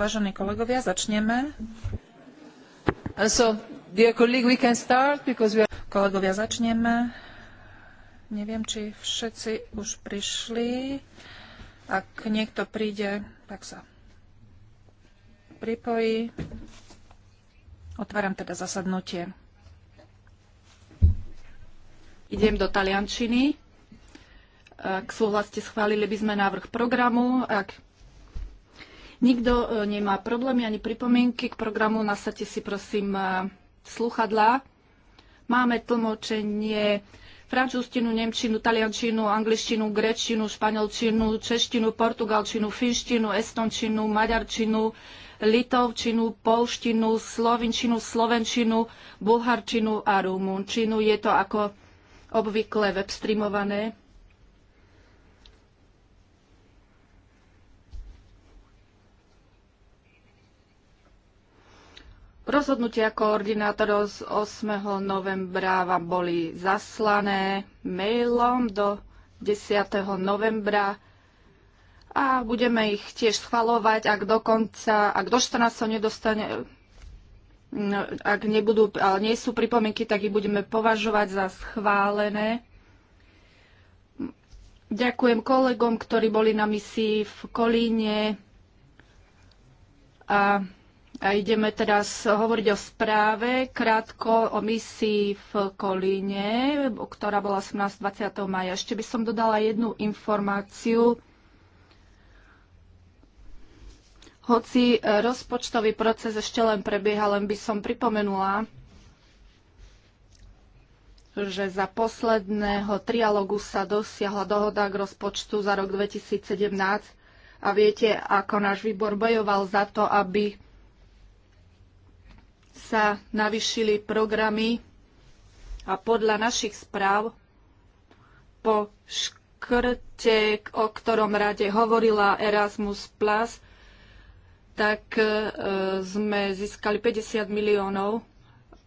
Vážení kolegovia, začneme. Uh, so, start, are... Kolegovia, začneme. Neviem, či všetci už prišli. Ak niekto príde, tak sa pripojí. Otváram teda zasadnutie. Idem do taliančiny. Ak súhlasíte, schválili by sme návrh programu. Ak Nikto e, nemá problémy ani pripomienky k programu. Nasadte si prosím e, sluchadlá. Máme tlmočenie francúzštinu, nemčinu, taliančinu, angličtinu, grečinu, španielčinu, češtinu, portugalčinu, finštinu, estončinu, maďarčinu, litovčinu, polštinu, slovinčinu, slovenčinu, bulharčinu a rumunčinu. Je to ako obvykle webstreamované. Rozhodnutia koordinátorov z 8. novembra vám boli zaslané mailom do 10. novembra a budeme ich tiež schvalovať, ak do konca, ak do 14. nedostane, no, ak nebudú, ale nie sú pripomienky, tak ich budeme považovať za schválené. Ďakujem kolegom, ktorí boli na misii v Kolíne a a ideme teraz hovoriť o správe, krátko o misii v Kolíne, ktorá bola 18. 20. maja. Ešte by som dodala jednu informáciu. Hoci rozpočtový proces ešte len prebieha, len by som pripomenula, že za posledného trialogu sa dosiahla dohoda k rozpočtu za rok 2017 a viete, ako náš výbor bojoval za to, aby sa navyšili programy a podľa našich správ po škrte, o ktorom rade hovorila Erasmus+, Plus, tak e, sme získali 50 miliónov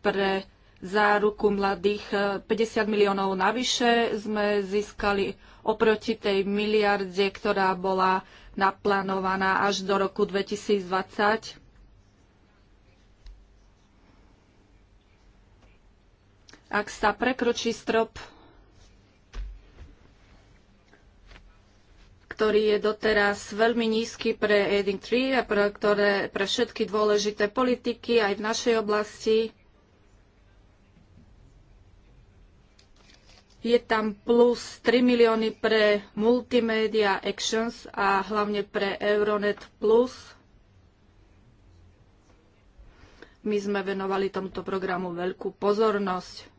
pre záruku mladých 50 e, miliónov navyše sme získali oproti tej miliarde, ktorá bola naplánovaná až do roku 2020. ak sa prekročí strop, ktorý je doteraz veľmi nízky pre Aiding 3 a pre, ktoré, pre všetky dôležité politiky aj v našej oblasti, Je tam plus 3 milióny pre Multimedia Actions a hlavne pre Euronet Plus. My sme venovali tomuto programu veľkú pozornosť.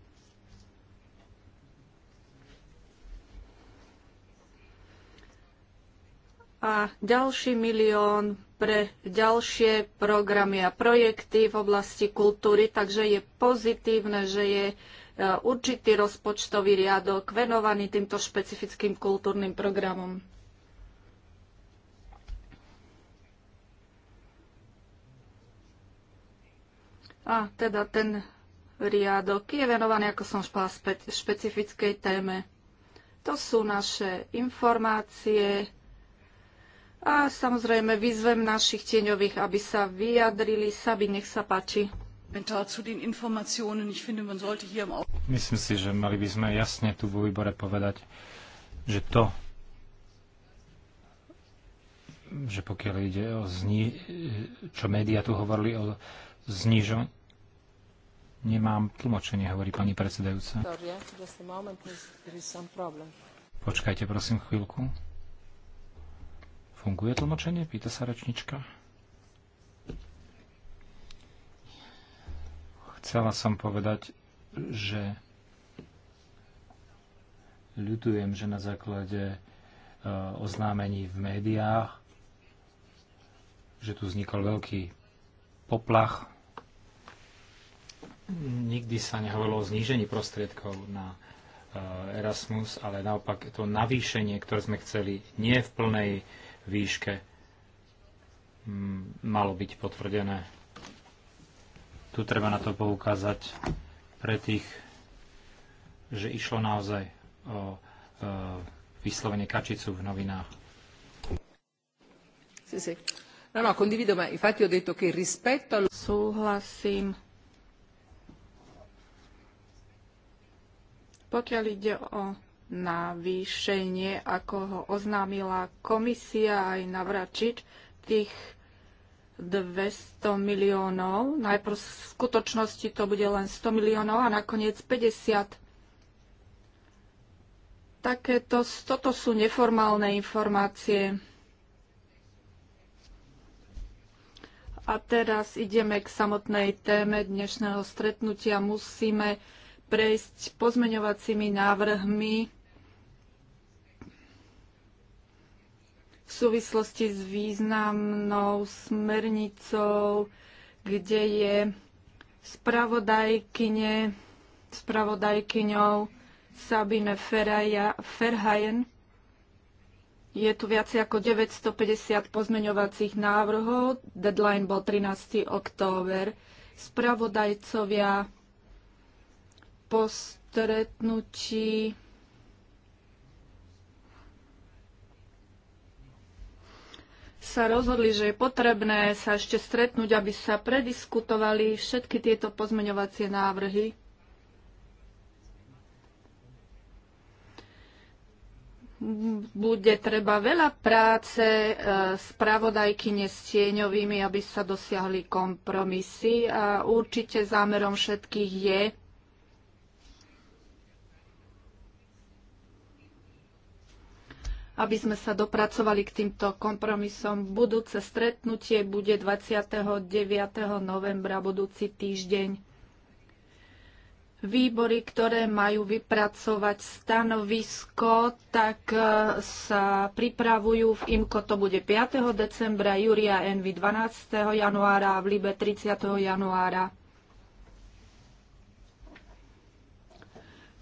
a ďalší milión pre ďalšie programy a projekty v oblasti kultúry, takže je pozitívne, že je e, určitý rozpočtový riadok venovaný týmto špecifickým kultúrnym programom. A teda ten riadok je venovaný, ako som špala, špecifickej téme. To sú naše informácie, a samozrejme vyzvem našich tieňových, aby sa vyjadrili. Sabi, nech sa páči. Myslím si, že mali by sme jasne tu vo výbore povedať, že to, že pokiaľ ide o zni- čo médiá tu hovorili o znižo... Nemám tlmočenie, hovorí pani predsedajúca. Počkajte prosím chvíľku. Funguje tlmočenie? Pýta sa rečnička. Chcela som povedať, že ľutujem, že na základe e, oznámení v médiách, že tu vznikol veľký poplach. Nikdy sa nehovorilo o znížení prostriedkov na e, Erasmus, ale naopak to navýšenie, ktoré sme chceli, nie v plnej výške malo byť potvrdené. Tu treba na to poukázať pre tých, že išlo naozaj o vyslovenie vyslovene kačicu v novinách. No, no, Súhlasím. Pokiaľ ide o navýšenie, ako ho oznámila komisia aj navračiť tých 200 miliónov. Najprv v skutočnosti to bude len 100 miliónov a nakoniec 50. Takéto, toto sú neformálne informácie. A teraz ideme k samotnej téme dnešného stretnutia. Musíme prejsť pozmeňovacími návrhmi súvislosti s významnou smernicou, kde je spravodajkyne, spravodajkyňou Sabine Feraja, Ferhajen. Je tu viac ako 950 pozmeňovacích návrhov. Deadline bol 13. október. Spravodajcovia po stretnutí sa rozhodli, že je potrebné sa ešte stretnúť, aby sa prediskutovali všetky tieto pozmeňovacie návrhy. Bude treba veľa práce e, s pravodajkyne s tieňovými, aby sa dosiahli kompromisy a určite zámerom všetkých je, aby sme sa dopracovali k týmto kompromisom. Budúce stretnutie bude 29. novembra, budúci týždeň. Výbory, ktoré majú vypracovať stanovisko, tak e, sa pripravujú. V IMKO to bude 5. decembra, Júria Envy 12. januára a v Libe 30. januára.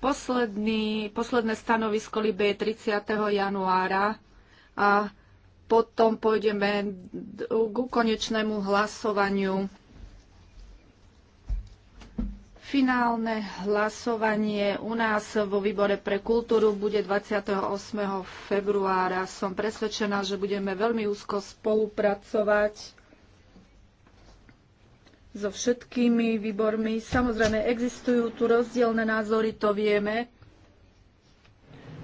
Posledný, posledné stanovisko Libie 30. januára a potom pôjdeme k konečnému hlasovaniu. Finálne hlasovanie u nás vo výbore pre kultúru bude 28. februára. Som presvedčená, že budeme veľmi úzko spolupracovať so všetkými výbormi. Samozrejme, existujú tu rozdielne názory, to vieme,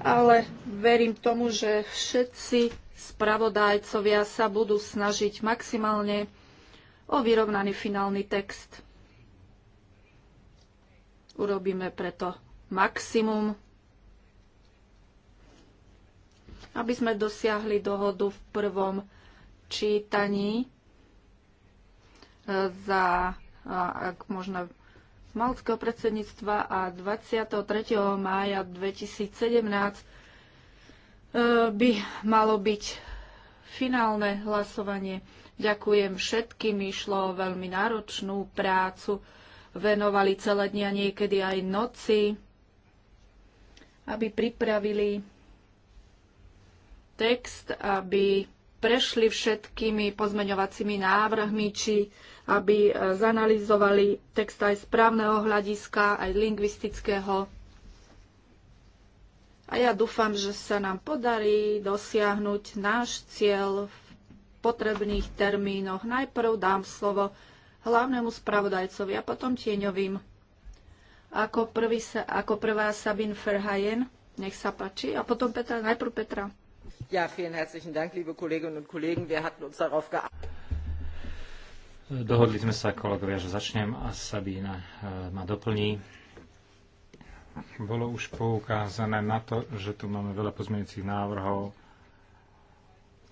ale verím tomu, že všetci spravodajcovia sa budú snažiť maximálne o vyrovnaný finálny text. Urobíme preto maximum, aby sme dosiahli dohodu v prvom čítaní za, ak možno, malckého predsedníctva a 23. mája 2017 e, by malo byť finálne hlasovanie. Ďakujem všetkým, išlo o veľmi náročnú prácu, venovali celé dňa, niekedy aj noci, aby pripravili text, aby prešli všetkými pozmeňovacími návrhmi, či aby e, zanalizovali text aj správneho hľadiska, aj lingvistického. A ja dúfam, že sa nám podarí dosiahnuť náš cieľ v potrebných termínoch. Najprv dám slovo hlavnému spravodajcovi a potom tieňovým. Ako, prvý sa, ako prvá Sabin Ferhajen, nech sa páči, a potom Petra, najprv Petra. Dohodli sme sa, kolegovia, že začnem a Sabína eh, ma doplní. Bolo už poukázané na to, že tu máme veľa pozmeňujúcich návrhov,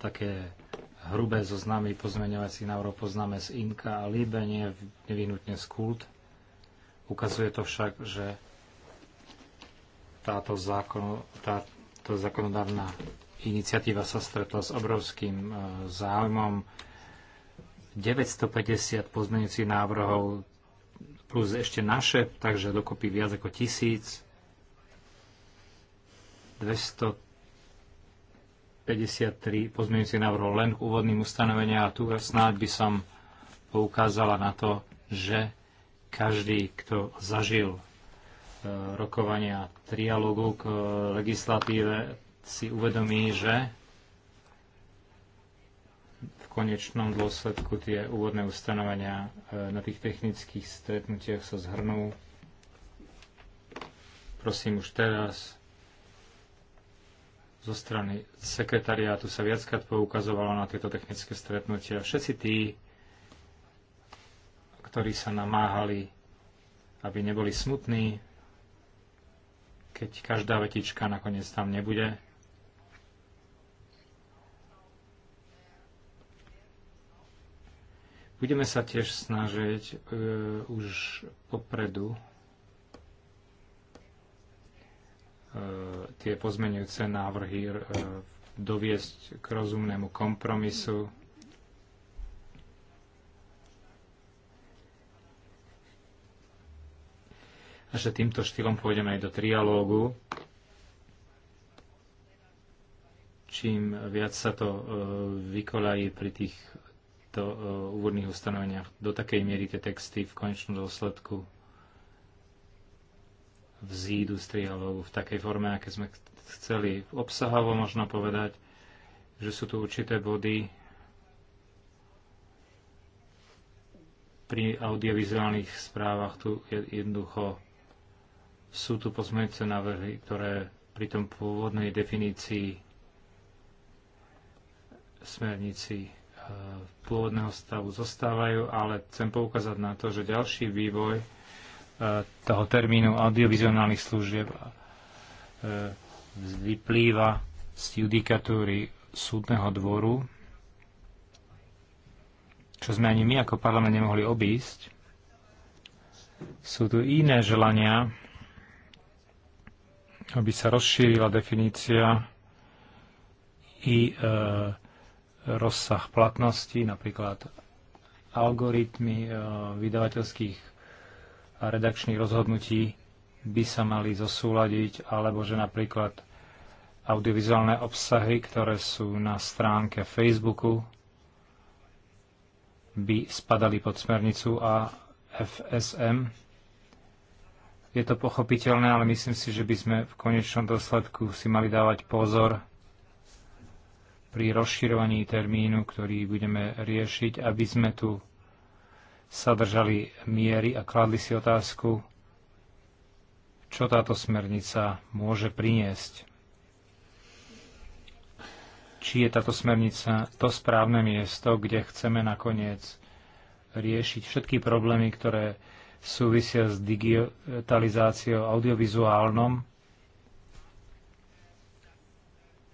také hrubé zoznamy pozmeňovacích návrhov poznáme z Inka a Libe, nie nevyhnutne z Kult. Ukazuje to však, že táto, zákon, táto zákonodávna iniciatíva sa stretla s obrovským e, záujmom. 950 pozmeňujúcich návrhov plus ešte naše, takže dokopy viac ako tisíc. 253 pozmeňujúcich návrhov len k úvodným ustanoveniam a tu snáď by som poukázala na to, že každý, kto zažil e, rokovania trialógu k e, legislatíve, si uvedomí, že v konečnom dôsledku tie úvodné ustanovenia e, na tých technických stretnutiach sa zhrnú. Prosím už teraz zo strany sekretariátu sa viackrát poukazovalo na tieto technické stretnutia. Všetci tí, ktorí sa namáhali, aby neboli smutní, keď každá vetička nakoniec tam nebude, Budeme sa tiež snažiť e, už popredu e, tie pozmenujúce návrhy e, doviesť k rozumnému kompromisu. A že týmto štýlom pôjdeme aj do trialógu. Čím viac sa to e, vykoľají pri tých týchto e, úvodných ustanoveniach do takej miery tie texty v konečnom dôsledku vzídu z trialógu v takej forme, aké sme chceli. Obsahovo možno povedať, že sú tu určité body pri audiovizuálnych správach tu jednoducho sú tu pozmeňujúce návrhy, ktoré pri tom pôvodnej definícii smernici pôvodného stavu zostávajú, ale chcem poukázať na to, že ďalší vývoj e, toho termínu audiovizuálnych služieb e, vyplýva z judikatúry súdneho dvoru, čo sme ani my ako parlament nemohli obísť. Sú tu iné želania, aby sa rozšírila definícia i e, rozsah platnosti, napríklad algoritmy e, vydavateľských a redakčných rozhodnutí by sa mali zosúľadiť, alebo že napríklad audiovizuálne obsahy, ktoré sú na stránke Facebooku, by spadali pod smernicu a FSM. Je to pochopiteľné, ale myslím si, že by sme v konečnom dôsledku si mali dávať pozor pri rozširovaní termínu, ktorý budeme riešiť, aby sme tu sa držali miery a kladli si otázku, čo táto smernica môže priniesť. Či je táto smernica to správne miesto, kde chceme nakoniec riešiť všetky problémy, ktoré súvisia s digitalizáciou audiovizuálnom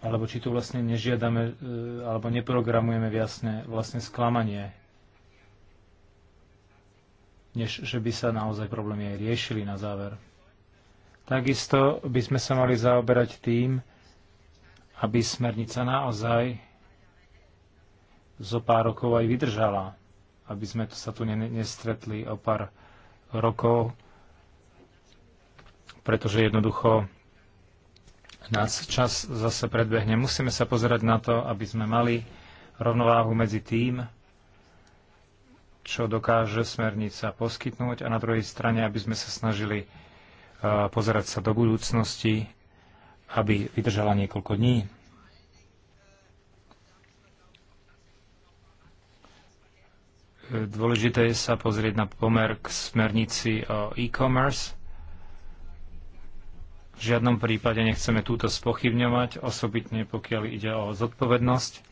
alebo či tu vlastne nežiadame e, alebo neprogramujeme jasne, vlastne sklamanie, než že by sa naozaj problémy aj riešili na záver. Takisto by sme sa mali zaoberať tým, aby smernica naozaj zo pár rokov aj vydržala, aby sme sa tu nestretli o pár rokov, pretože jednoducho nás čas zase predbehne. Musíme sa pozerať na to, aby sme mali rovnováhu medzi tým, čo dokáže smernica poskytnúť a na druhej strane, aby sme sa snažili e, pozerať sa do budúcnosti, aby vydržala niekoľko dní. E, dôležité je sa pozrieť na pomer k smernici o e-commerce v žiadnom prípade nechceme túto spochybňovať, osobitne pokiaľ ide o zodpovednosť,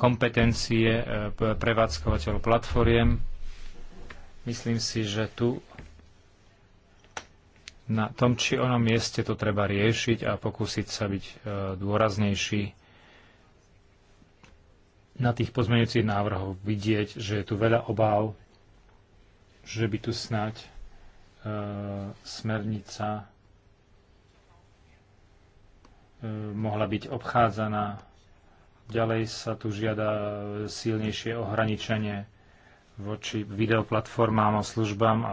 kompetencie e, prevádzkovateľov platformiem. Myslím si, že tu na tom či onom mieste to treba riešiť a pokúsiť sa byť e, dôraznejší na tých pozmeňujúcich návrhoch vidieť, že je tu veľa obáv, že by tu snáď e, smernica mohla byť obchádzaná. Ďalej sa tu žiada silnejšie ohraničenie voči videoplatformám a službám a, a, a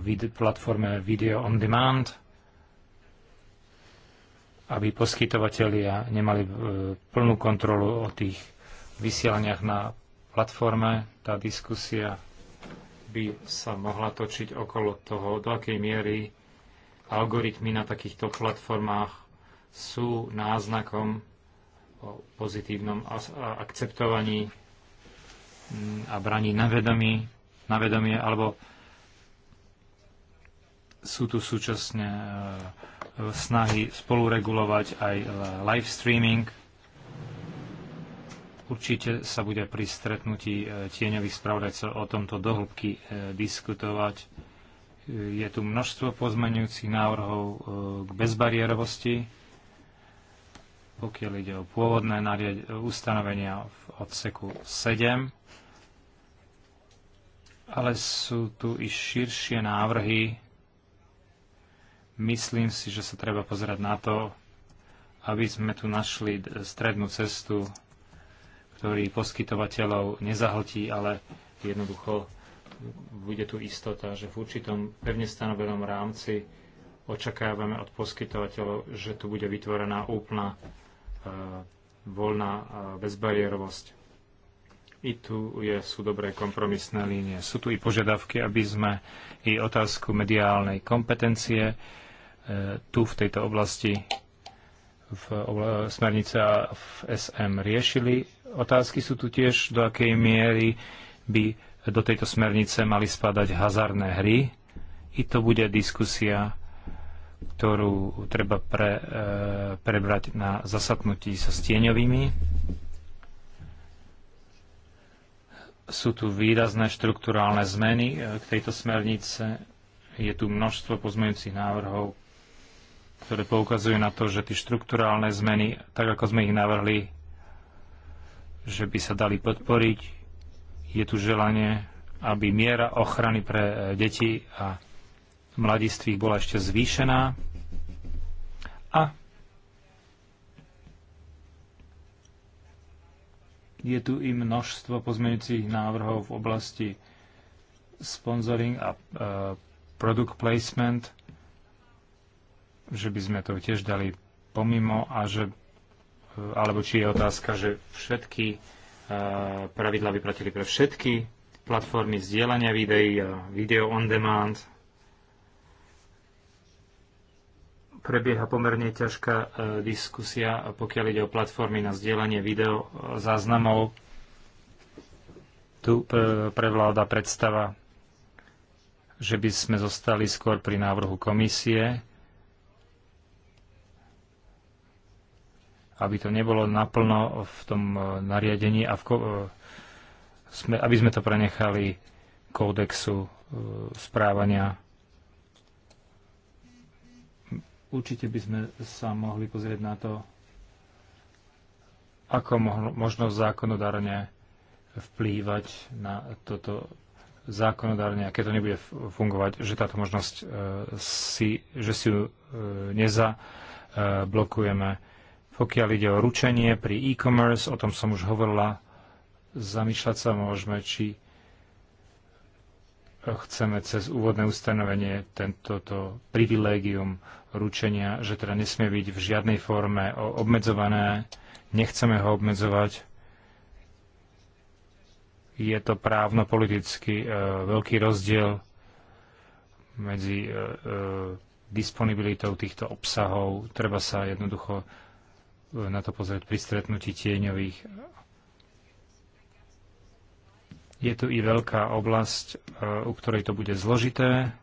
vid, platforme Video on Demand, aby poskytovatelia nemali e, plnú kontrolu o tých vysielaniach na platforme. Tá diskusia by sa mohla točiť okolo toho, do akej miery algoritmy na takýchto platformách sú náznakom o pozitívnom akceptovaní mm, a braní na, na vedomie, alebo sú tu súčasne e, snahy spoluregulovať aj e, live streaming. Určite sa bude pri stretnutí e, tieňových spravodajcov o tomto dohlbky diskutovať je tu množstvo pozmenujúcich návrhov e, k bezbariérovosti, pokiaľ ide o pôvodné ustanovenia v odseku 7, ale sú tu i širšie návrhy. Myslím si, že sa treba pozerať na to, aby sme tu našli strednú cestu, ktorý poskytovateľov nezahltí, ale jednoducho bude tu istota, že v určitom pevne stanovenom rámci očakávame od poskytovateľov, že tu bude vytvorená úplná eh, voľná eh, bezbariérovosť. I tu je, sú dobré kompromisné línie. Sú tu i požiadavky, aby sme i otázku mediálnej kompetencie eh, tu v tejto oblasti v smernice a v SM riešili. Otázky sú tu tiež, do akej miery by do tejto smernice mali spadať hazardné hry. I to bude diskusia, ktorú treba pre, e, prebrať na zasadnutí so stieňovými. Sú tu výrazné štruktúrálne zmeny e, k tejto smernice. Je tu množstvo pozmeňujúcich návrhov, ktoré poukazujú na to, že tie štruktúrálne zmeny, tak ako sme ich navrhli, že by sa dali podporiť, je tu želanie, aby miera ochrany pre e, deti a mladistvých bola ešte zvýšená. A je tu i množstvo pozmeňujúcich návrhov v oblasti sponsoring a e, product placement, že by sme to tiež dali pomimo a že e, alebo či je otázka, že všetky pravidla vypratili pre všetky platformy zdieľania videí a video on demand. Prebieha pomerne ťažká e, diskusia, pokiaľ ide o platformy na zdieľanie video e, záznamov. Tu e, prevláda predstava, že by sme zostali skôr pri návrhu komisie, aby to nebolo naplno v tom e, nariadení a v, e, sme, aby sme to prenechali kódexu e, správania. Určite by sme sa mohli pozrieť na to, ako možno zákonodárne vplývať na toto zákonodárne, aké to nebude fungovať, že táto možnosť si, že si ju nezablokujeme pokiaľ ide o ručenie pri e-commerce, o tom som už hovorila, zamýšľať sa môžeme, či chceme cez úvodné ustanovenie tento privilégium ručenia, že teda nesmie byť v žiadnej forme obmedzované, nechceme ho obmedzovať. Je to právno-politicky e, veľký rozdiel medzi e, e, disponibilitou týchto obsahov. Treba sa jednoducho na to pozrieť pri stretnutí tieňových. Je tu i veľká oblasť, e, u ktorej to bude zložité,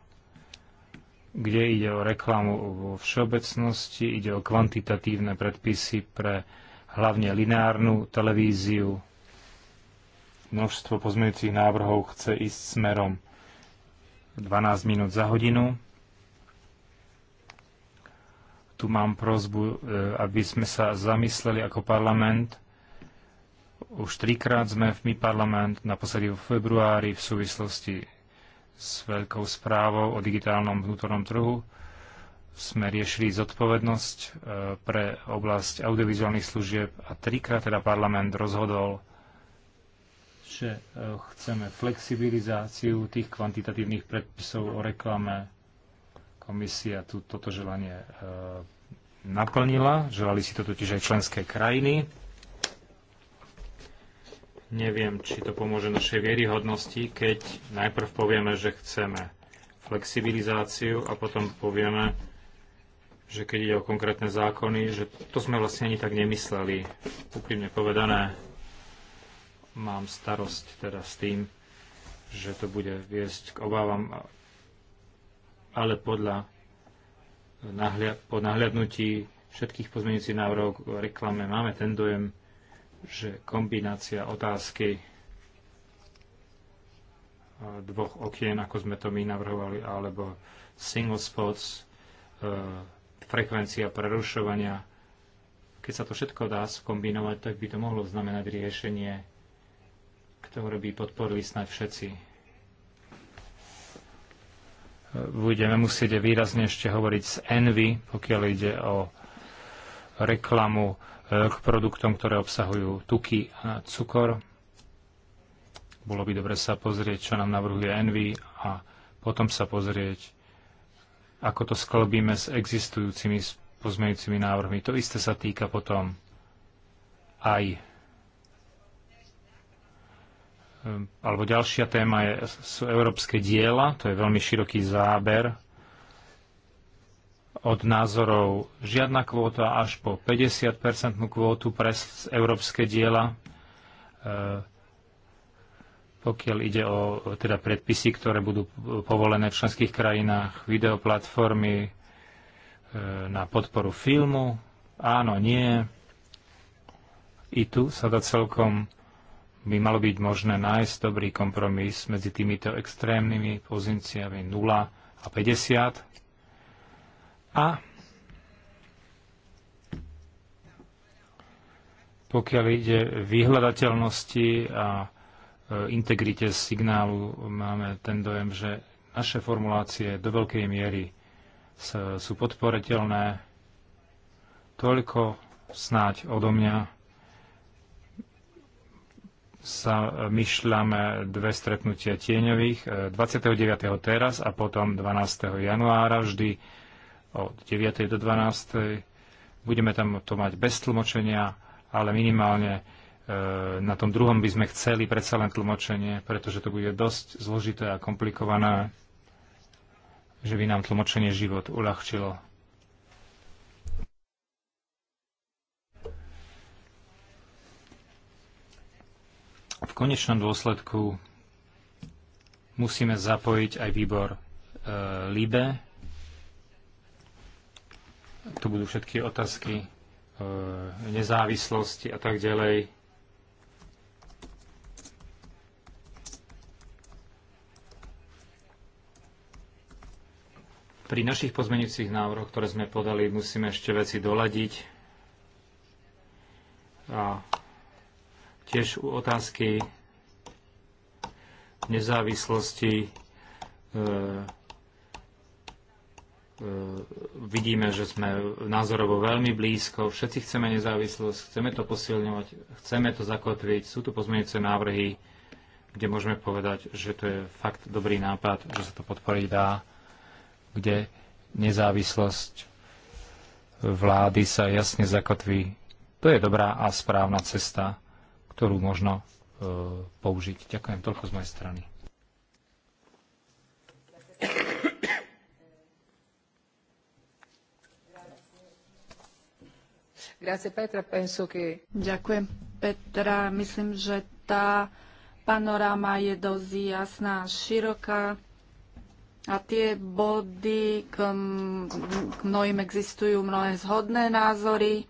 kde ide o reklamu vo všeobecnosti, ide o kvantitatívne predpisy pre hlavne lineárnu televíziu. Množstvo pozmeňujúcich návrhov chce ísť smerom 12 minút za hodinu tu mám prozbu, e, aby sme sa zamysleli ako parlament. Už trikrát sme v my parlament, naposledy v februári v súvislosti s veľkou správou o digitálnom vnútornom trhu sme riešili zodpovednosť e, pre oblasť audiovizuálnych služieb a trikrát teda parlament rozhodol, že e, chceme flexibilizáciu tých kvantitatívnych predpisov o reklame, Komisia tu, toto želanie e, naplnila. Želali si to totiž aj členské krajiny. Neviem, či to pomôže našej vieryhodnosti, keď najprv povieme, že chceme flexibilizáciu a potom povieme, že keď ide o konkrétne zákony, že to sme vlastne ani tak nemysleli. Úprimne povedané, mám starosť teda s tým, že to bude viesť k obávam ale podľa nahlia- po nahliadnutí všetkých pozmeňujúcich návrhov v reklame máme ten dojem, že kombinácia otázky dvoch okien, ako sme to my navrhovali, alebo single spots, e, frekvencia prerušovania. Keď sa to všetko dá skombinovať, tak by to mohlo znamenať riešenie, ktoré by podporili snáď všetci budeme musieť výrazne ešte hovoriť s Envy, pokiaľ ide o reklamu e, k produktom, ktoré obsahujú tuky a cukor. Bolo by dobre sa pozrieť, čo nám navrhuje Envy a potom sa pozrieť, ako to sklbíme s existujúcimi pozmeňujúcimi návrhmi. To isté sa týka potom aj Ehm, alebo ďalšia téma je, sú európske diela, to je veľmi široký záber od názorov žiadna kvóta až po 50-percentnú kvótu pre európske diela, ehm, pokiaľ ide o teda predpisy, ktoré budú povolené v členských krajinách, videoplatformy ehm, na podporu filmu, áno, nie. I tu sa dá celkom by malo byť možné nájsť dobrý kompromis medzi týmito extrémnymi pozíciami 0 a 50. A pokiaľ ide vyhľadateľnosti a e, integrite signálu, máme ten dojem, že naše formulácie do veľkej miery sú podporiteľné, Toľko snáď odo mňa sa e, myšľame dve stretnutia tieňových, 29. E, teraz a potom 12. januára vždy od 9. do 12. Budeme tam to mať bez tlmočenia, ale minimálne e, na tom druhom by sme chceli predsa len tlmočenie, pretože to bude dosť zložité a komplikované, že by nám tlmočenie život uľahčilo. V konečnom dôsledku musíme zapojiť aj výbor e, LIBE. Tu budú všetky otázky e, nezávislosti a tak ďalej. Pri našich pozmeňujúcich návrhoch, ktoré sme podali, musíme ešte veci doladiť. A Tiež u otázky nezávislosti e, e, vidíme, že sme názorovo veľmi blízko. Všetci chceme nezávislosť, chceme to posilňovať, chceme to zakotviť. Sú tu pozmeňujúce návrhy, kde môžeme povedať, že to je fakt dobrý nápad, že sa to podporiť dá, kde nezávislosť vlády sa jasne zakotví. To je dobrá a správna cesta ktorú možno e, použiť. Ďakujem toľko z mojej strany. Ďakujem, Petra. Myslím, že tá panoráma je dosť jasná, a široká a tie body, k, k mnohým existujú mnohé zhodné názory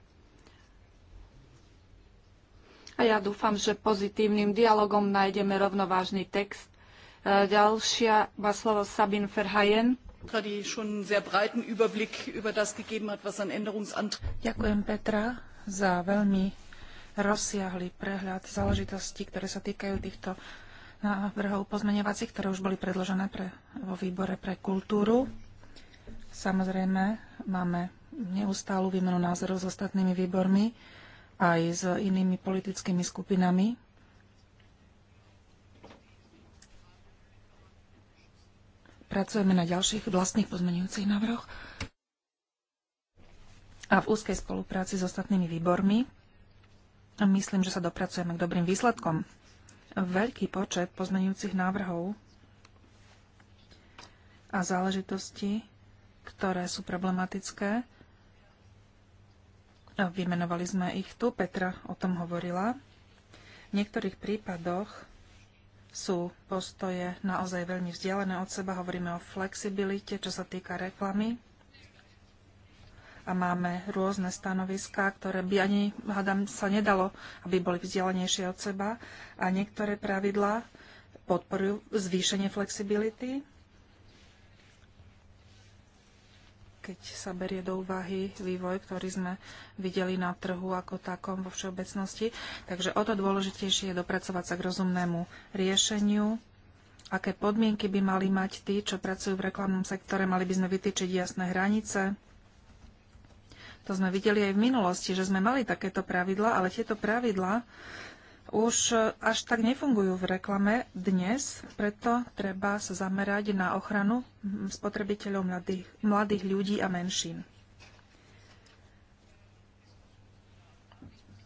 a ja dúfam, že pozitívnym dialogom nájdeme rovnovážny text. E, ďalšia má slovo Sabin Ferhajen. Ďakujem Petra za veľmi rozsiahly prehľad záležitostí, ktoré sa týkajú týchto návrhov pozmeňovacích, ktoré už boli predložené pre, vo výbore pre kultúru. Samozrejme, máme neustálu výmenu názorov s ostatnými výbormi aj s inými politickými skupinami. Pracujeme na ďalších vlastných pozmenujúcich návrhoch a v úzkej spolupráci s ostatnými výbormi. A myslím, že sa dopracujeme k dobrým výsledkom. Veľký počet pozmenujúcich návrhov a záležitosti, ktoré sú problematické, Vymenovali sme ich tu, Petra o tom hovorila. V niektorých prípadoch sú postoje naozaj veľmi vzdialené od seba. Hovoríme o flexibilite, čo sa týka reklamy. A máme rôzne stanoviská, ktoré by ani, hádam, sa nedalo, aby boli vzdialenejšie od seba. A niektoré pravidlá podporujú zvýšenie flexibility, keď sa berie do úvahy vývoj, ktorý sme videli na trhu ako takom vo všeobecnosti. Takže o to dôležitejšie je dopracovať sa k rozumnému riešeniu. Aké podmienky by mali mať tí, čo pracujú v reklamnom sektore, mali by sme vytýčiť jasné hranice. To sme videli aj v minulosti, že sme mali takéto pravidla, ale tieto pravidla už e, až tak nefungujú v reklame dnes, preto treba sa zamerať na ochranu spotrebiteľov mladých, mladých ľudí a menšín.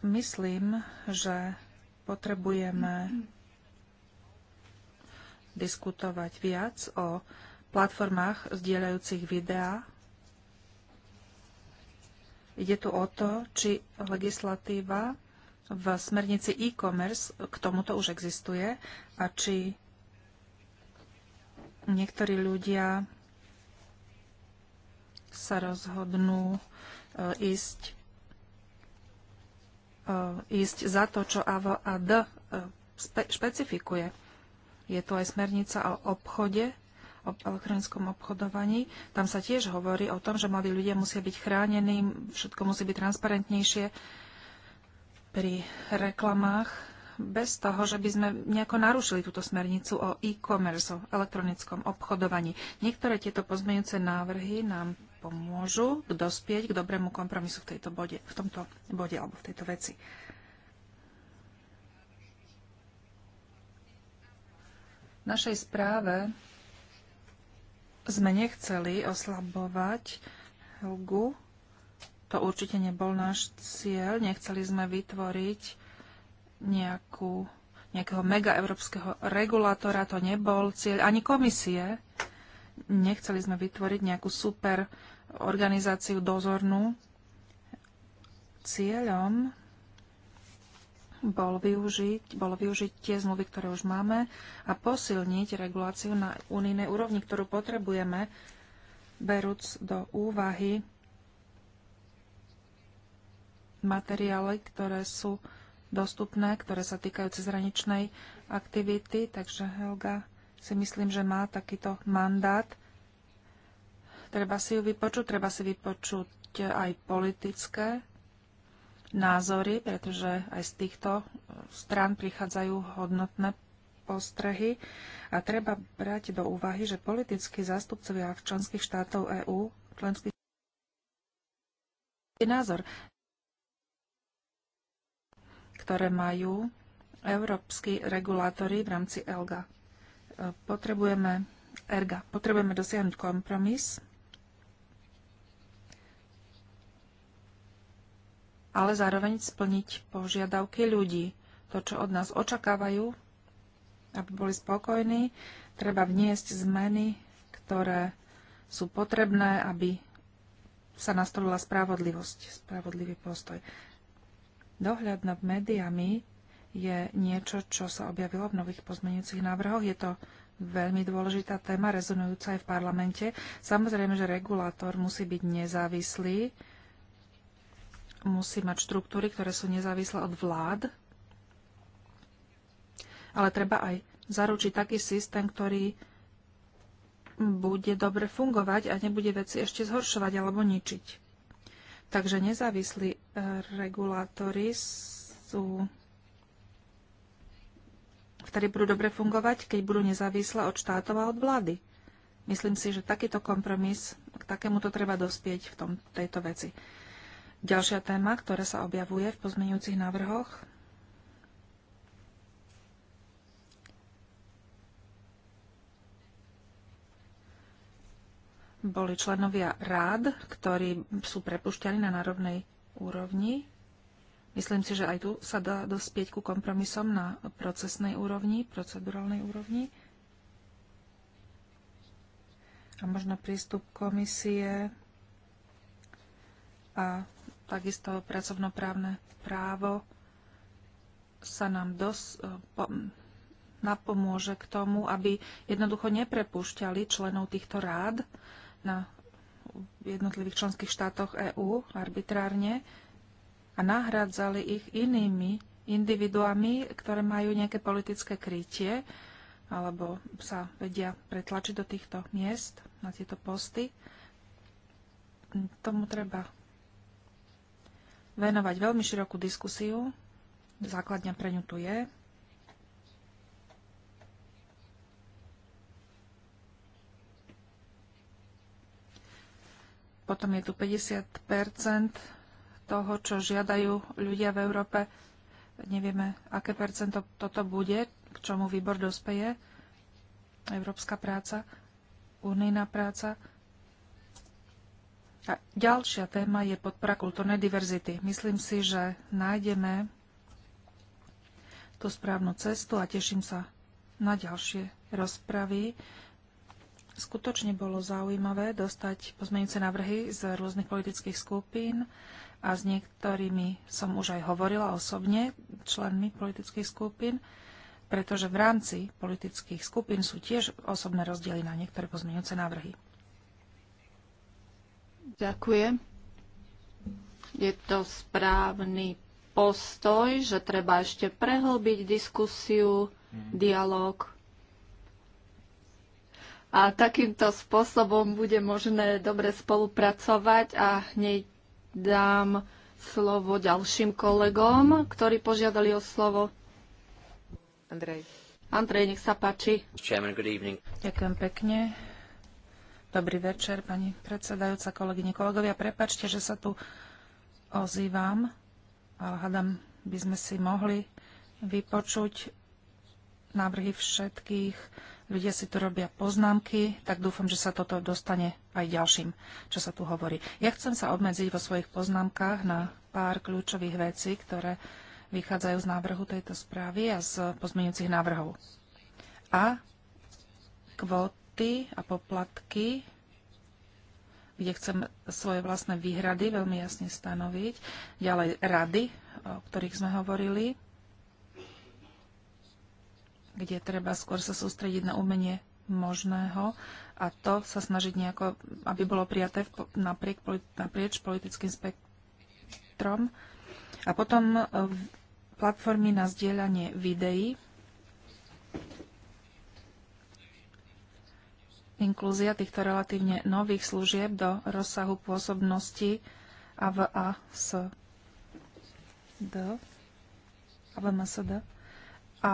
Myslím, že potrebujeme diskutovať viac o platformách zdieľajúcich videá. Ide tu o to, či legislatíva v smernici e-commerce k tomuto už existuje a či niektorí ľudia sa rozhodnú e, ísť, e, ísť za to, čo AV a D e, špecifikuje. Je tu aj smernica o obchode, o elektronickom obchodovaní. Tam sa tiež hovorí o tom, že mladí ľudia musia byť chránení, všetko musí byť transparentnejšie pri reklamách bez toho, že by sme nejako narušili túto smernicu o e-commerce, o elektronickom obchodovaní. Niektoré tieto pozmeňujúce návrhy nám pomôžu dospieť k dobrému kompromisu v, tejto bode, v tomto bode alebo v tejto veci. V našej správe sme nechceli oslabovať Helgu to určite nebol náš cieľ. Nechceli sme vytvoriť nejakú, nejakého mega európskeho regulátora. To nebol cieľ ani komisie. Nechceli sme vytvoriť nejakú super organizáciu dozornú. Cieľom bol využiť, bolo využiť tie zmluvy, ktoré už máme a posilniť reguláciu na unijnej úrovni, ktorú potrebujeme, berúc do úvahy materiály, ktoré sú dostupné, ktoré sa týkajú cezhraničnej aktivity, takže Helga si myslím, že má takýto mandát. Treba si ju vypočuť, treba si vypočuť aj politické názory, pretože aj z týchto strán prichádzajú hodnotné postrehy a treba brať do úvahy, že politickí zástupcovia členských štátov EÚ členských názor ktoré majú európsky regulátory v rámci ELGA. E, potrebujeme, ERGA. Potrebujeme dosiahnuť kompromis, ale zároveň splniť požiadavky ľudí. To, čo od nás očakávajú, aby boli spokojní, treba vniesť zmeny, ktoré sú potrebné, aby sa nastolila spravodlivosť, spravodlivý postoj. Dohľad nad médiami je niečo, čo sa objavilo v nových pozmenujúcich návrhoch. Je to veľmi dôležitá téma, rezonujúca aj v parlamente. Samozrejme, že regulátor musí byť nezávislý, musí mať štruktúry, ktoré sú nezávislé od vlád, ale treba aj zaručiť taký systém, ktorý bude dobre fungovať a nebude veci ešte zhoršovať alebo ničiť. Takže nezávislí e, regulátory sú vtedy budú dobre fungovať, keď budú nezávislé od štátov a od vlády. Myslím si, že takýto kompromis, k takémuto treba dospieť v tom, tejto veci. Ďalšia téma, ktorá sa objavuje v pozmeňujúcich návrhoch, boli členovia rád, ktorí sú prepušťaní na národnej úrovni. Myslím si, že aj tu sa dá dospieť ku kompromisom na procesnej úrovni, procedurálnej úrovni. A možno prístup komisie a takisto pracovnoprávne právo sa nám dosť eh, napomôže k tomu, aby jednoducho neprepúšťali členov týchto rád, na jednotlivých členských štátoch EÚ arbitrárne a nahradzali ich inými individuami, ktoré majú nejaké politické krytie alebo sa vedia pretlačiť do týchto miest, na tieto posty. Tomu treba venovať veľmi širokú diskusiu. Základňa pre ňu tu je. Potom je tu 50 toho, čo žiadajú ľudia v Európe. Nevieme, aké percento toto bude, k čomu výbor dospeje. Európska práca, unijná práca. A ďalšia téma je podpora kultúrnej diverzity. Myslím si, že nájdeme tú správnu cestu a teším sa na ďalšie rozpravy Skutočne bolo zaujímavé dostať pozmeňujúce návrhy z rôznych politických skupín a s niektorými som už aj hovorila osobne, členmi politických skupín, pretože v rámci politických skupín sú tiež osobné rozdiely na niektoré pozmeňujúce návrhy. Ďakujem. Je to správny postoj, že treba ešte prehlbiť diskusiu, mhm. dialog a takýmto spôsobom bude možné dobre spolupracovať a hneď dám slovo ďalším kolegom, ktorí požiadali o slovo. Andrej. Andrej, nech sa páči. Chairman, good evening. Ďakujem pekne. Dobrý večer, pani predsedajúca, kolegyne, kolegovia. Prepačte, že sa tu ozývam, ale hádam, by sme si mohli vypočuť návrhy všetkých Ľudia si tu robia poznámky, tak dúfam, že sa toto dostane aj ďalším, čo sa tu hovorí. Ja chcem sa obmedziť vo svojich poznámkach na pár kľúčových vecí, ktoré vychádzajú z návrhu tejto správy a z pozmeňujúcich návrhov. A kvóty a poplatky, kde chcem svoje vlastné výhrady veľmi jasne stanoviť. Ďalej rady, o ktorých sme hovorili kde treba skôr sa sústrediť na umenie možného a to sa snažiť nejako, aby bolo prijaté napriek, naprieč politickým spektrom. A potom e, platformy na zdieľanie videí. Inklúzia týchto relatívne nových služieb do rozsahu pôsobnosti AVASD. AVMSD. A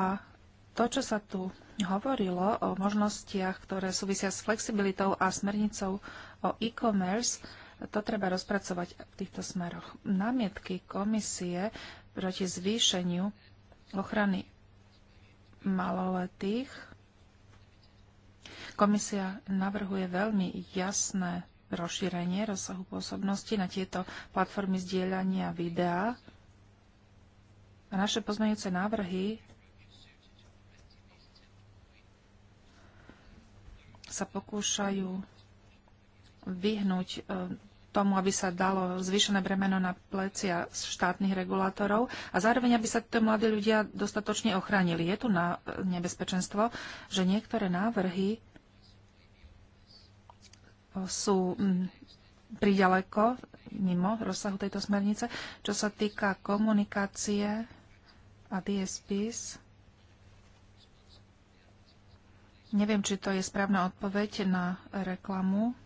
to, čo sa tu hovorilo o možnostiach, ktoré súvisia s flexibilitou a smernicou o e-commerce, to treba rozpracovať v týchto smeroch. Námietky komisie proti zvýšeniu ochrany maloletých. Komisia navrhuje veľmi jasné rozšírenie rozsahu pôsobnosti na tieto platformy zdieľania videa. A naše pozmeňujúce návrhy sa pokúšajú vyhnúť e, tomu, aby sa dalo zvýšené bremeno na plecia štátnych regulátorov a zároveň, aby sa tie mladí ľudia dostatočne ochránili. Je tu na e, nebezpečenstvo, že niektoré návrhy e, sú mm, pridaleko mimo rozsahu tejto smernice. Čo sa týka komunikácie a DSPs, Neviem, či to je správna odpoveď na reklamu.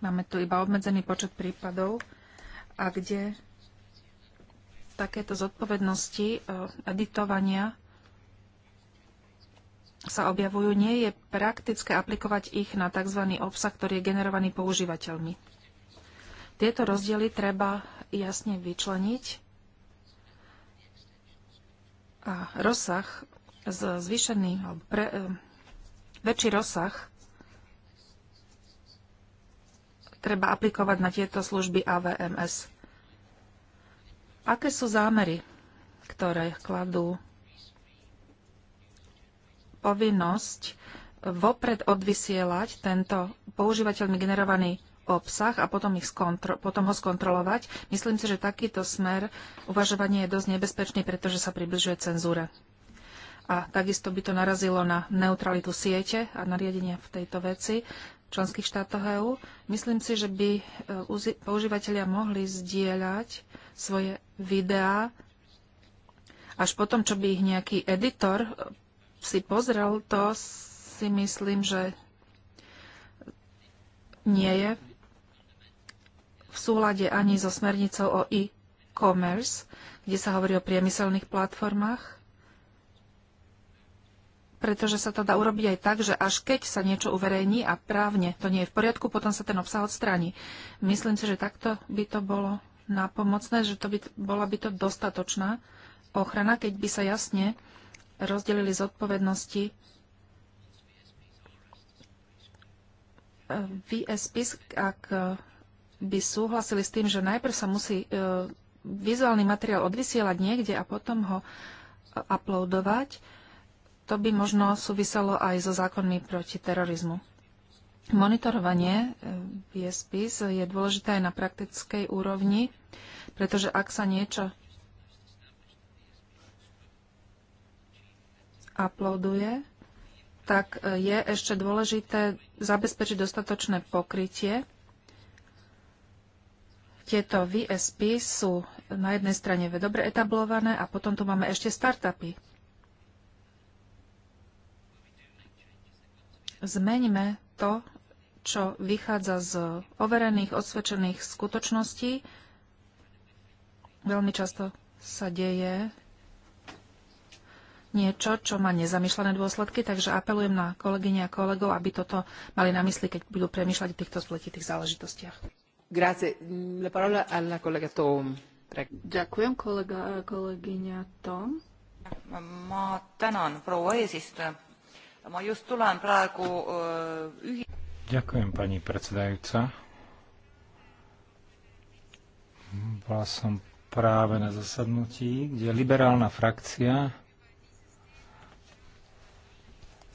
Máme tu iba obmedzený počet prípadov, a kde takéto zodpovednosti e, editovania sa objavujú, nie je praktické aplikovať ich na tzv. obsah, ktorý je generovaný používateľmi. Tieto rozdiely treba jasne vyčleniť a rozsah zvýšený alebo pre, e, väčší rozsah treba aplikovať na tieto služby AVMS. Aké sú zámery, ktoré kladú povinnosť vopred odvysielať tento používateľmi generovaný obsah a potom, ich skontro- potom ho skontrolovať. Myslím si, že takýto smer uvažovanie je dosť nebezpečný, pretože sa približuje cenzúre a takisto by to narazilo na neutralitu siete a nariadenia v tejto veci členských štátoch EÚ. Myslím si, že by e, používateľia mohli zdieľať svoje videá až potom, čo by ich nejaký editor e, si pozrel, to si myslím, že nie je v súlade ani so smernicou o e-commerce, kde sa hovorí o priemyselných platformách pretože sa to dá urobiť aj tak, že až keď sa niečo uverejní a právne to nie je v poriadku, potom sa ten obsah odstráni. Myslím si, že takto by to bolo napomocné, že to by, bola by to dostatočná ochrana, keď by sa jasne rozdelili zodpovednosti eh, VSP, ak eh, by súhlasili s tým, že najprv sa musí eh, vizuálny materiál odvysielať niekde a potom ho uploadovať, to by možno súviselo aj so zákonmi proti terorizmu. Monitorovanie BSPIS e, je dôležité aj na praktickej úrovni, pretože ak sa niečo uploaduje, tak e, je ešte dôležité zabezpečiť dostatočné pokrytie. Tieto VSP sú na jednej strane dobre etablované a potom tu máme ešte startupy. Zmeňme to, čo vychádza z overených, odsvedčených skutočností. Veľmi často sa deje niečo, čo má nezamýšľané dôsledky, takže apelujem na kolegyne a kolegov, aby toto mali na mysli, keď budú premýšľať o týchto spletitých záležitostiach. Ďakujem, kolega, kolegyňa Tom. Ma tänan, proua eesistuja ma just tulen praegu ühi-. ďakujem, pani predsedajúca. Bola som práve na zasadnutí, kde liberálna frakcia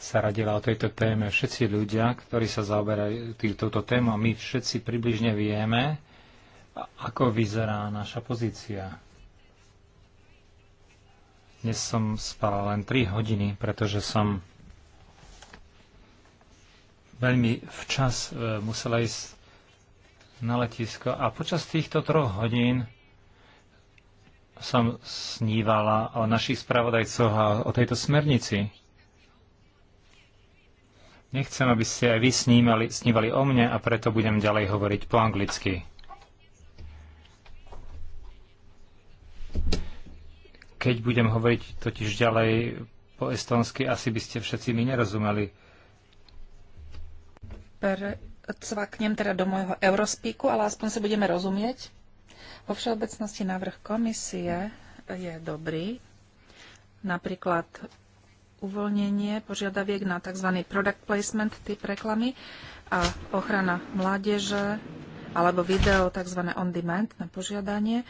sa radila o tejto téme. Všetci ľudia, ktorí sa zaoberajú touto témou, my všetci približne vieme, ako vyzerá naša pozícia. Dnes som spal len 3 hodiny, pretože som veľmi včas e, musela ísť na letisko a počas týchto troch hodín som snívala o našich spravodajcoch a o tejto smernici. Nechcem, aby ste aj vy snívali, snívali o mne a preto budem ďalej hovoriť po anglicky. Keď budem hovoriť totiž ďalej po estonsky, asi by ste všetci mi nerozumeli cvaknem teda do môjho eurospíku, ale aspoň si budeme rozumieť. Vo všeobecnosti návrh komisie je dobrý. Napríklad uvoľnenie požiadaviek na tzv. product placement typ reklamy a ochrana mládeže alebo video tzv. on demand na požiadanie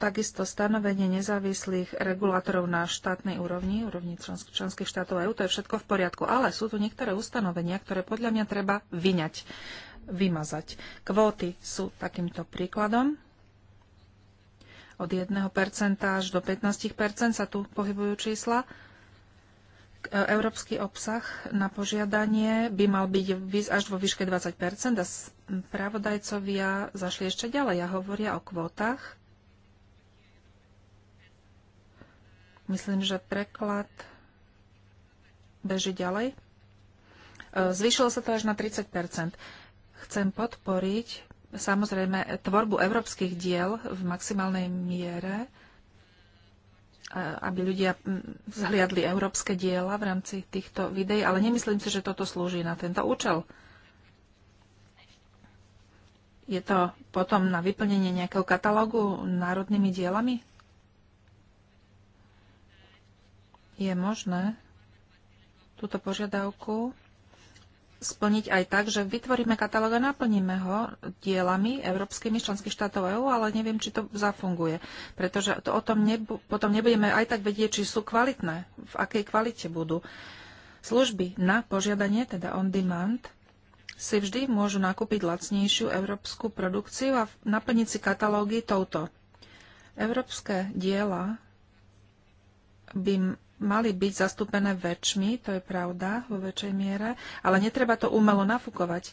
takisto stanovenie nezávislých regulátorov na štátnej úrovni, úrovni členských štátov EU, to je všetko v poriadku. Ale sú tu niektoré ustanovenia, ktoré podľa mňa treba vyňať, vymazať. Kvóty sú takýmto príkladom. Od 1% až do 15% sa tu pohybujú čísla. E, európsky obsah na požiadanie by mal byť až vo výške 20% a spravodajcovia zašli ešte ďalej a hovoria o kvótach Myslím, že preklad beží ďalej. E, zvyšilo sa to až na 30 Chcem podporiť samozrejme tvorbu európskych diel v maximálnej miere, e, aby ľudia zhliadli európske diela v rámci týchto videí, ale nemyslím si, že toto slúži na tento účel. Je to potom na vyplnenie nejakého katalógu národnými dielami? je možné túto požiadavku splniť aj tak, že vytvoríme katalóg a naplníme ho dielami európskymi členských štátov EÚ, ale neviem, či to zafunguje. Pretože to o tom nebu- potom nebudeme aj tak vedieť, či sú kvalitné, v akej kvalite budú. Služby na požiadanie, teda on demand, si vždy môžu nakúpiť lacnejšiu európsku produkciu a naplniť si katalógy touto. Európske diela by mali byť zastúpené väčšmi, to je pravda, vo väčšej miere, ale netreba to umelo nafúkovať.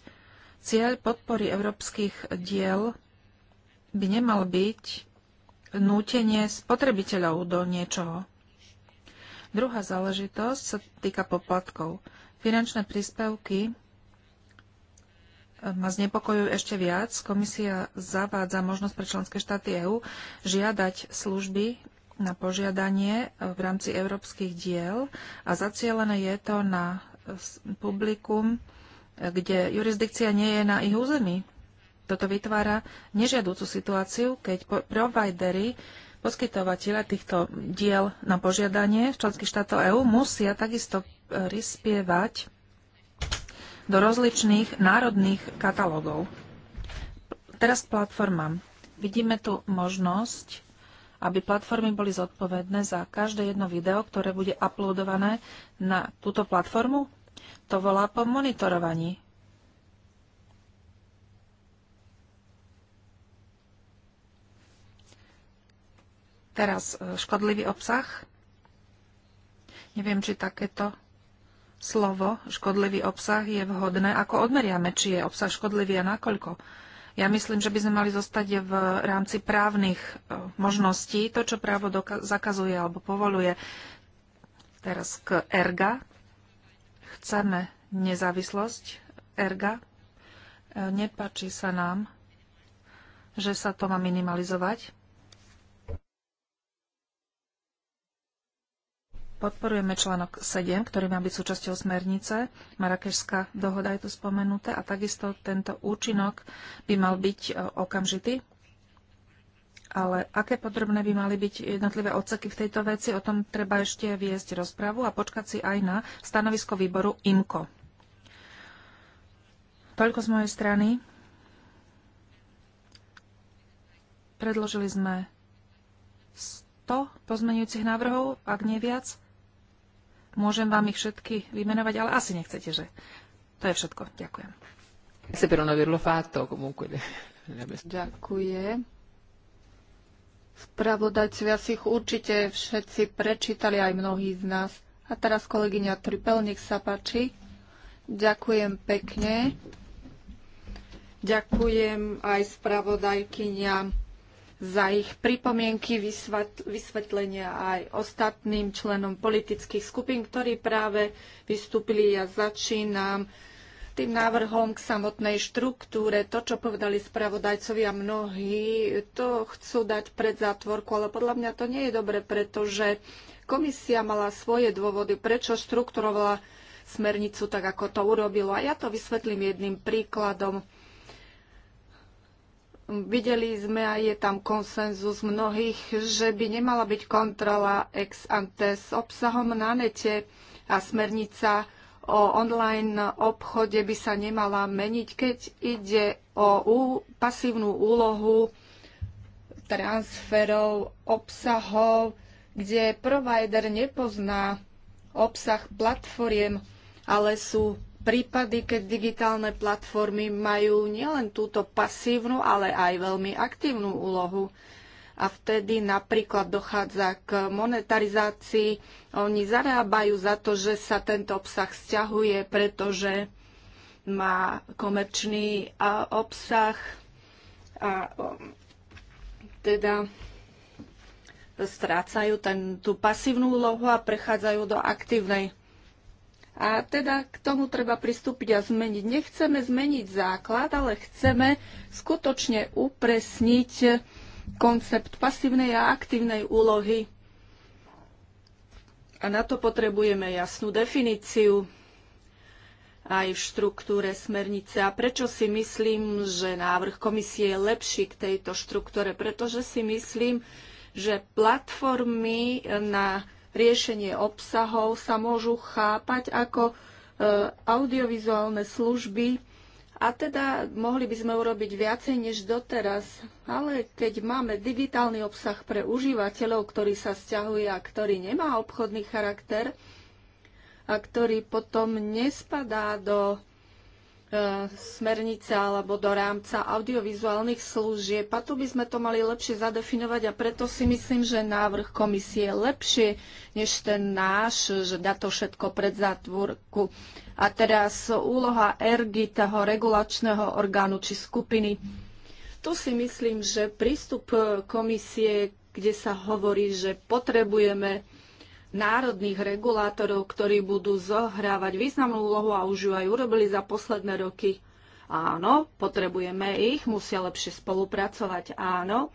Cieľ podpory európskych diel by nemal byť nútenie spotrebiteľov do niečoho. Druhá záležitosť sa týka poplatkov. Finančné príspevky eh, ma znepokojujú ešte viac. Komisia zavádza možnosť pre členské štáty EÚ žiadať služby na požiadanie e, v rámci európskych diel a zacielené je to na e, publikum, e, kde jurisdikcia nie je na ich území. Toto vytvára nežiadúcu situáciu, keď providery, poskytovateľa týchto diel na požiadanie členských štátov EÚ musia takisto prispievať do rozličných národných katalógov. Teraz k platformám. Vidíme tu možnosť aby platformy boli zodpovedné za každé jedno video, ktoré bude uploadované na túto platformu? To volá po monitorovaní. Teraz e, škodlivý obsah. Neviem, či takéto slovo škodlivý obsah je vhodné. Ako odmeriame, či je obsah škodlivý a nakoľko? Ja myslím, že by sme mali zostať v rámci právnych e, možností. To, čo právo zakazuje alebo povoluje teraz k erga. Chceme nezávislosť erga. E, Nepačí sa nám, že sa to má minimalizovať. Podporujeme článok 7, ktorý má byť súčasťou smernice. Marakešská dohoda je tu spomenuté a takisto tento účinok by mal byť e, okamžitý. Ale aké podrobné by mali byť jednotlivé odseky v tejto veci, o tom treba ešte viesť rozpravu a počkať si aj na stanovisko výboru IMKO. Toľko z mojej strany. Predložili sme 100 pozmenujúcich návrhov, ak nie viac. Môžem vám ich všetky vymenovať, ale asi nechcete, že? To je všetko. Ďakujem. Ďakujem. Spravodajcovia si ich určite všetci prečítali, aj mnohí z nás. A teraz kolegyňa Tripel, nech sa páči. Ďakujem pekne. Ďakujem aj spravodajkyňam za ich pripomienky, vysvetlenia aj ostatným členom politických skupín, ktorí práve vystúpili. Ja začínam tým návrhom k samotnej štruktúre. To, čo povedali spravodajcovia mnohí, to chcú dať pred zátvorku, ale podľa mňa to nie je dobre, pretože komisia mala svoje dôvody, prečo štrukturovala smernicu tak, ako to urobilo. A ja to vysvetlím jedným príkladom Videli sme a je tam konsenzus mnohých, že by nemala byť kontrola ex ante s obsahom na nete a smernica o online obchode by sa nemala meniť, keď ide o pasívnu úlohu transferov obsahov, kde provider nepozná obsah platformiem, ale sú prípady, keď digitálne platformy majú nielen túto pasívnu, ale aj veľmi aktívnu úlohu. A vtedy napríklad dochádza k monetarizácii. Oni zarábajú za to, že sa tento obsah sťahuje, pretože má komerčný obsah. A teda strácajú ten, tú pasívnu úlohu a prechádzajú do aktívnej a teda k tomu treba pristúpiť a zmeniť. Nechceme zmeniť základ, ale chceme skutočne upresniť koncept pasívnej a aktívnej úlohy. A na to potrebujeme jasnú definíciu aj v štruktúre smernice. A prečo si myslím, že návrh komisie je lepší k tejto štruktúre? Pretože si myslím, že platformy na riešenie obsahov sa môžu chápať ako e, audiovizuálne služby a teda mohli by sme urobiť viacej než doteraz. Ale keď máme digitálny obsah pre užívateľov, ktorý sa stiahuje a ktorý nemá obchodný charakter a ktorý potom nespadá do E, smernica alebo do rámca audiovizuálnych služieb. A tu by sme to mali lepšie zadefinovať a preto si myslím, že návrh komisie je lepšie než ten náš, že dá to všetko pred zátvorku. A teraz úloha ERGI, toho regulačného orgánu či skupiny. Tu si myslím, že prístup e, komisie, kde sa hovorí, že potrebujeme národných regulátorov, ktorí budú zohrávať významnú úlohu a už ju aj urobili za posledné roky. Áno, potrebujeme ich, musia lepšie spolupracovať, áno,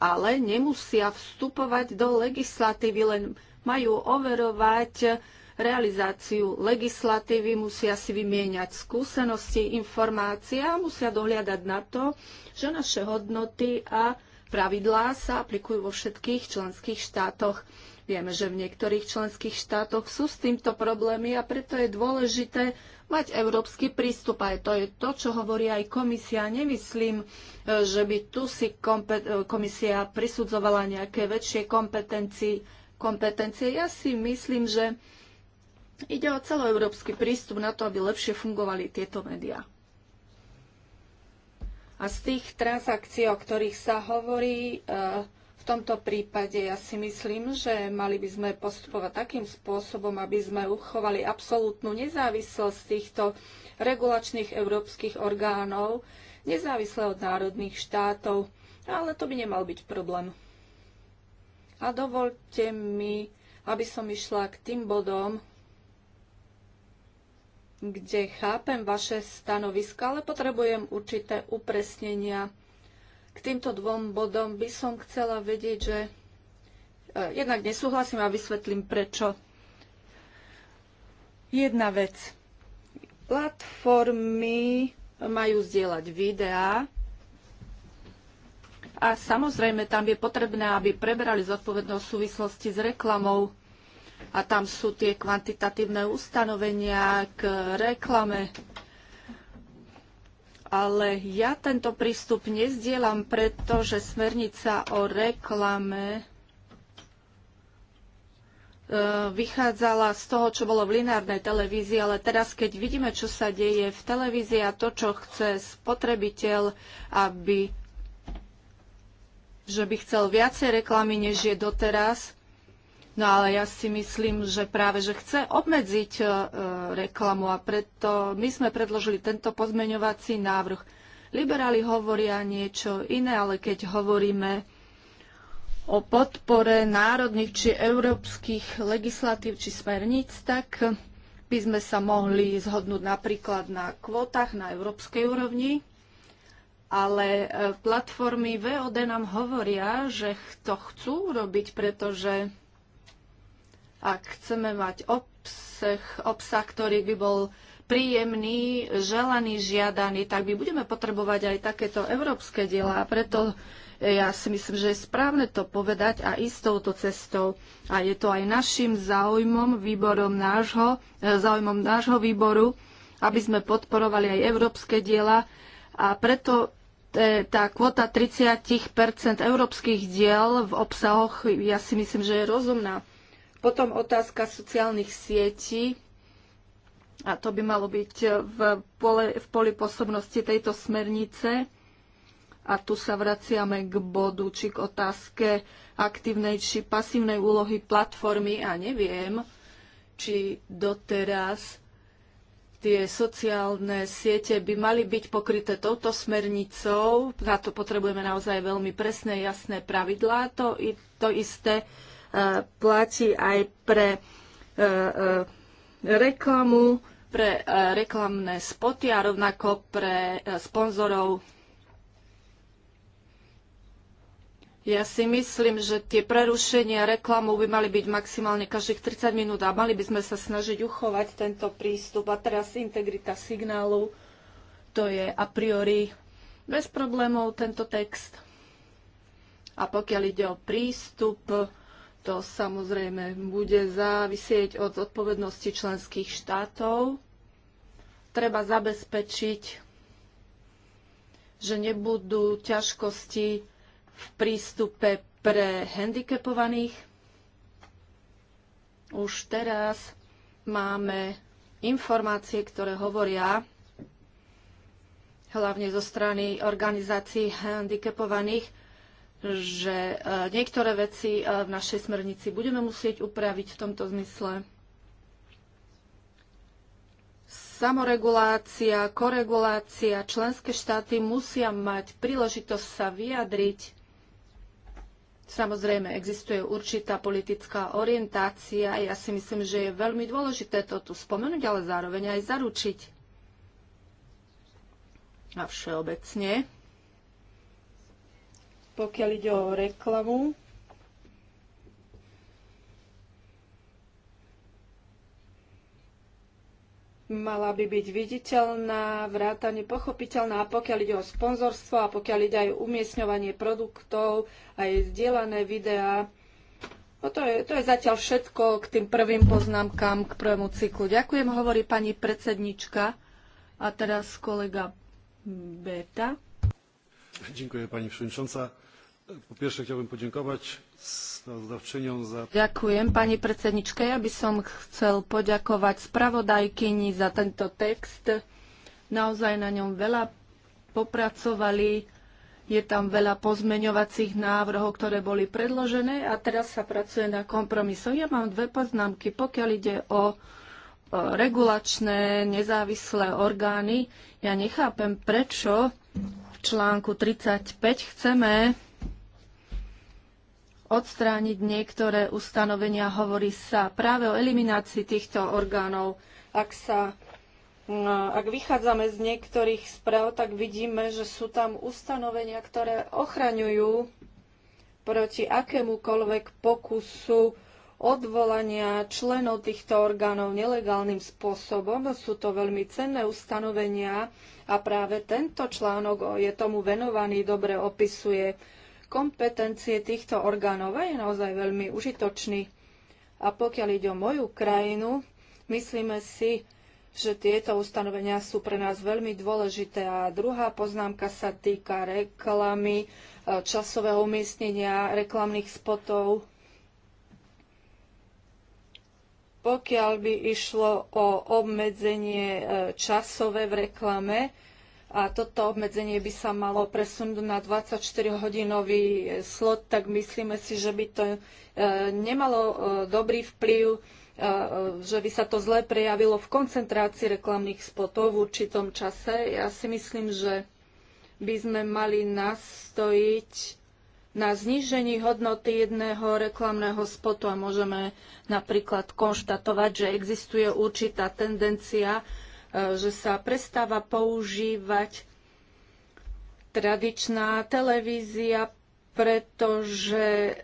ale nemusia vstupovať do legislatívy, len majú overovať realizáciu legislatívy, musia si vymieňať skúsenosti, informácie a musia dohliadať na to, že naše hodnoty a pravidlá sa aplikujú vo všetkých členských štátoch. Vieme, že v niektorých členských štátoch sú s týmto problémy a preto je dôležité mať európsky prístup. Aj to je to, čo hovorí aj komisia. Nemyslím, e, že by tu si e, komisia prisudzovala nejaké väčšie kompetencie. kompetencie. Ja si myslím, že ide o celoeurópsky prístup na to, aby lepšie fungovali tieto médiá. A z tých transakcií, o ktorých sa hovorí, e, tomto prípade ja si myslím, že mali by sme postupovať takým spôsobom, aby sme uchovali absolútnu nezávislosť týchto regulačných európskych orgánov, nezávisle od národných štátov, ale to by nemal byť problém. A dovolte mi, aby som išla k tým bodom, kde chápem vaše stanoviska, ale potrebujem určité upresnenia. K týmto dvom bodom by som chcela vedieť, že e, jednak nesúhlasím a vysvetlím prečo. Jedna vec. Platformy majú zdieľať videá a samozrejme tam je potrebné, aby preberali zodpovednosť v súvislosti s reklamou a tam sú tie kvantitatívne ustanovenia k reklame ale ja tento prístup nezdielam, pretože smernica o reklame e, vychádzala z toho, čo bolo v lineárnej televízii, ale teraz, keď vidíme, čo sa deje v televízii a to, čo chce spotrebiteľ, aby že by chcel viacej reklamy, než je doteraz, No ale ja si myslím, že práve, že chce obmedziť e, e, reklamu a preto my sme predložili tento pozmeňovací návrh. Liberáli hovoria niečo iné, ale keď hovoríme o podpore národných či európskych legislatív či smerníc, tak by sme sa mohli zhodnúť napríklad na kvótach na európskej úrovni, ale e, platformy VOD nám hovoria, že to chcú robiť, pretože ak chceme mať obsah, obsah ktorý by bol príjemný, želaný, žiadaný, tak my budeme potrebovať aj takéto európske diela. A preto e, ja si myslím, že je správne to povedať a ísť touto cestou. A je to aj našim záujmom, výborom nášho, e, záujmom nášho výboru, aby sme podporovali aj európske diela. A preto e, tá kvota 30 európskych diel v obsahoch, ja si myslím, že je rozumná. Potom otázka sociálnych sietí. A to by malo byť v, pole, v poli posobnosti tejto smernice. A tu sa vraciame k bodu či k otázke aktívnej či pasívnej úlohy platformy. A neviem, či doteraz tie sociálne siete by mali byť pokryté touto smernicou. Na to potrebujeme naozaj veľmi presné, jasné pravidlá. To, to isté platí aj pre e, e, reklamu, pre e, reklamné spoty a rovnako pre sponzorov. Ja si myslím, že tie prerušenia reklamu by mali byť maximálne každých 30 minút a mali by sme sa snažiť uchovať tento prístup. A teraz integrita signálu, to je a priori bez problémov tento text. A pokiaľ ide o prístup to samozrejme bude závisieť od odpovednosti členských štátov. Treba zabezpečiť, že nebudú ťažkosti v prístupe pre handicapovaných. Už teraz máme informácie, ktoré hovoria, hlavne zo strany organizácií handicapovaných, že e, niektoré veci e, v našej smernici budeme musieť upraviť v tomto zmysle. Samoregulácia, koregulácia, členské štáty musia mať príležitosť sa vyjadriť. Samozrejme, existuje určitá politická orientácia. Ja si myslím, že je veľmi dôležité to tu spomenúť, ale zároveň aj zaručiť. A všeobecne pokiaľ ide o reklamu, mala by byť viditeľná, vrátane pochopiteľná, a pokiaľ ide o sponzorstvo a pokiaľ ide aj umiestňovanie produktov, aj zdieľané videá. No to, je, to je zatiaľ všetko k tým prvým poznámkám k prvému cyklu. Ďakujem, hovorí pani predsednička a teraz kolega Beta. Ďakujem pani przewodnicząca. Ďakujem pani predsedničke. Ja by som chcel poďakovať spravodajkyni za tento text. Naozaj na ňom veľa popracovali. Je tam veľa pozmeňovacích návrhov, ktoré boli predložené a teraz sa pracuje na kompromisoch. Ja mám dve poznámky. Pokiaľ ide o regulačné nezávislé orgány, ja nechápem, prečo v článku 35 chceme odstrániť niektoré ustanovenia. Hovorí sa práve o eliminácii týchto orgánov. Ak, sa, ak vychádzame z niektorých správ, tak vidíme, že sú tam ustanovenia, ktoré ochraňujú proti akémukoľvek pokusu odvolania členov týchto orgánov nelegálnym spôsobom. Sú to veľmi cenné ustanovenia a práve tento článok je tomu venovaný, dobre opisuje kompetencie týchto orgánov a je naozaj veľmi užitočný. A pokiaľ ide o moju krajinu, myslíme si, že tieto ustanovenia sú pre nás veľmi dôležité. A druhá poznámka sa týka reklamy, e, časového umiestnenia reklamných spotov. Pokiaľ by išlo o obmedzenie e, časové v reklame, a toto obmedzenie by sa malo presunúť na 24-hodinový slot, tak myslíme si, že by to e, nemalo e, dobrý vplyv, e, že by sa to zle prejavilo v koncentrácii reklamných spotov v určitom čase. Ja si myslím, že by sme mali nastojiť na znížení hodnoty jedného reklamného spotu a môžeme napríklad konštatovať, že existuje určitá tendencia E, že sa prestáva používať tradičná televízia, pretože e,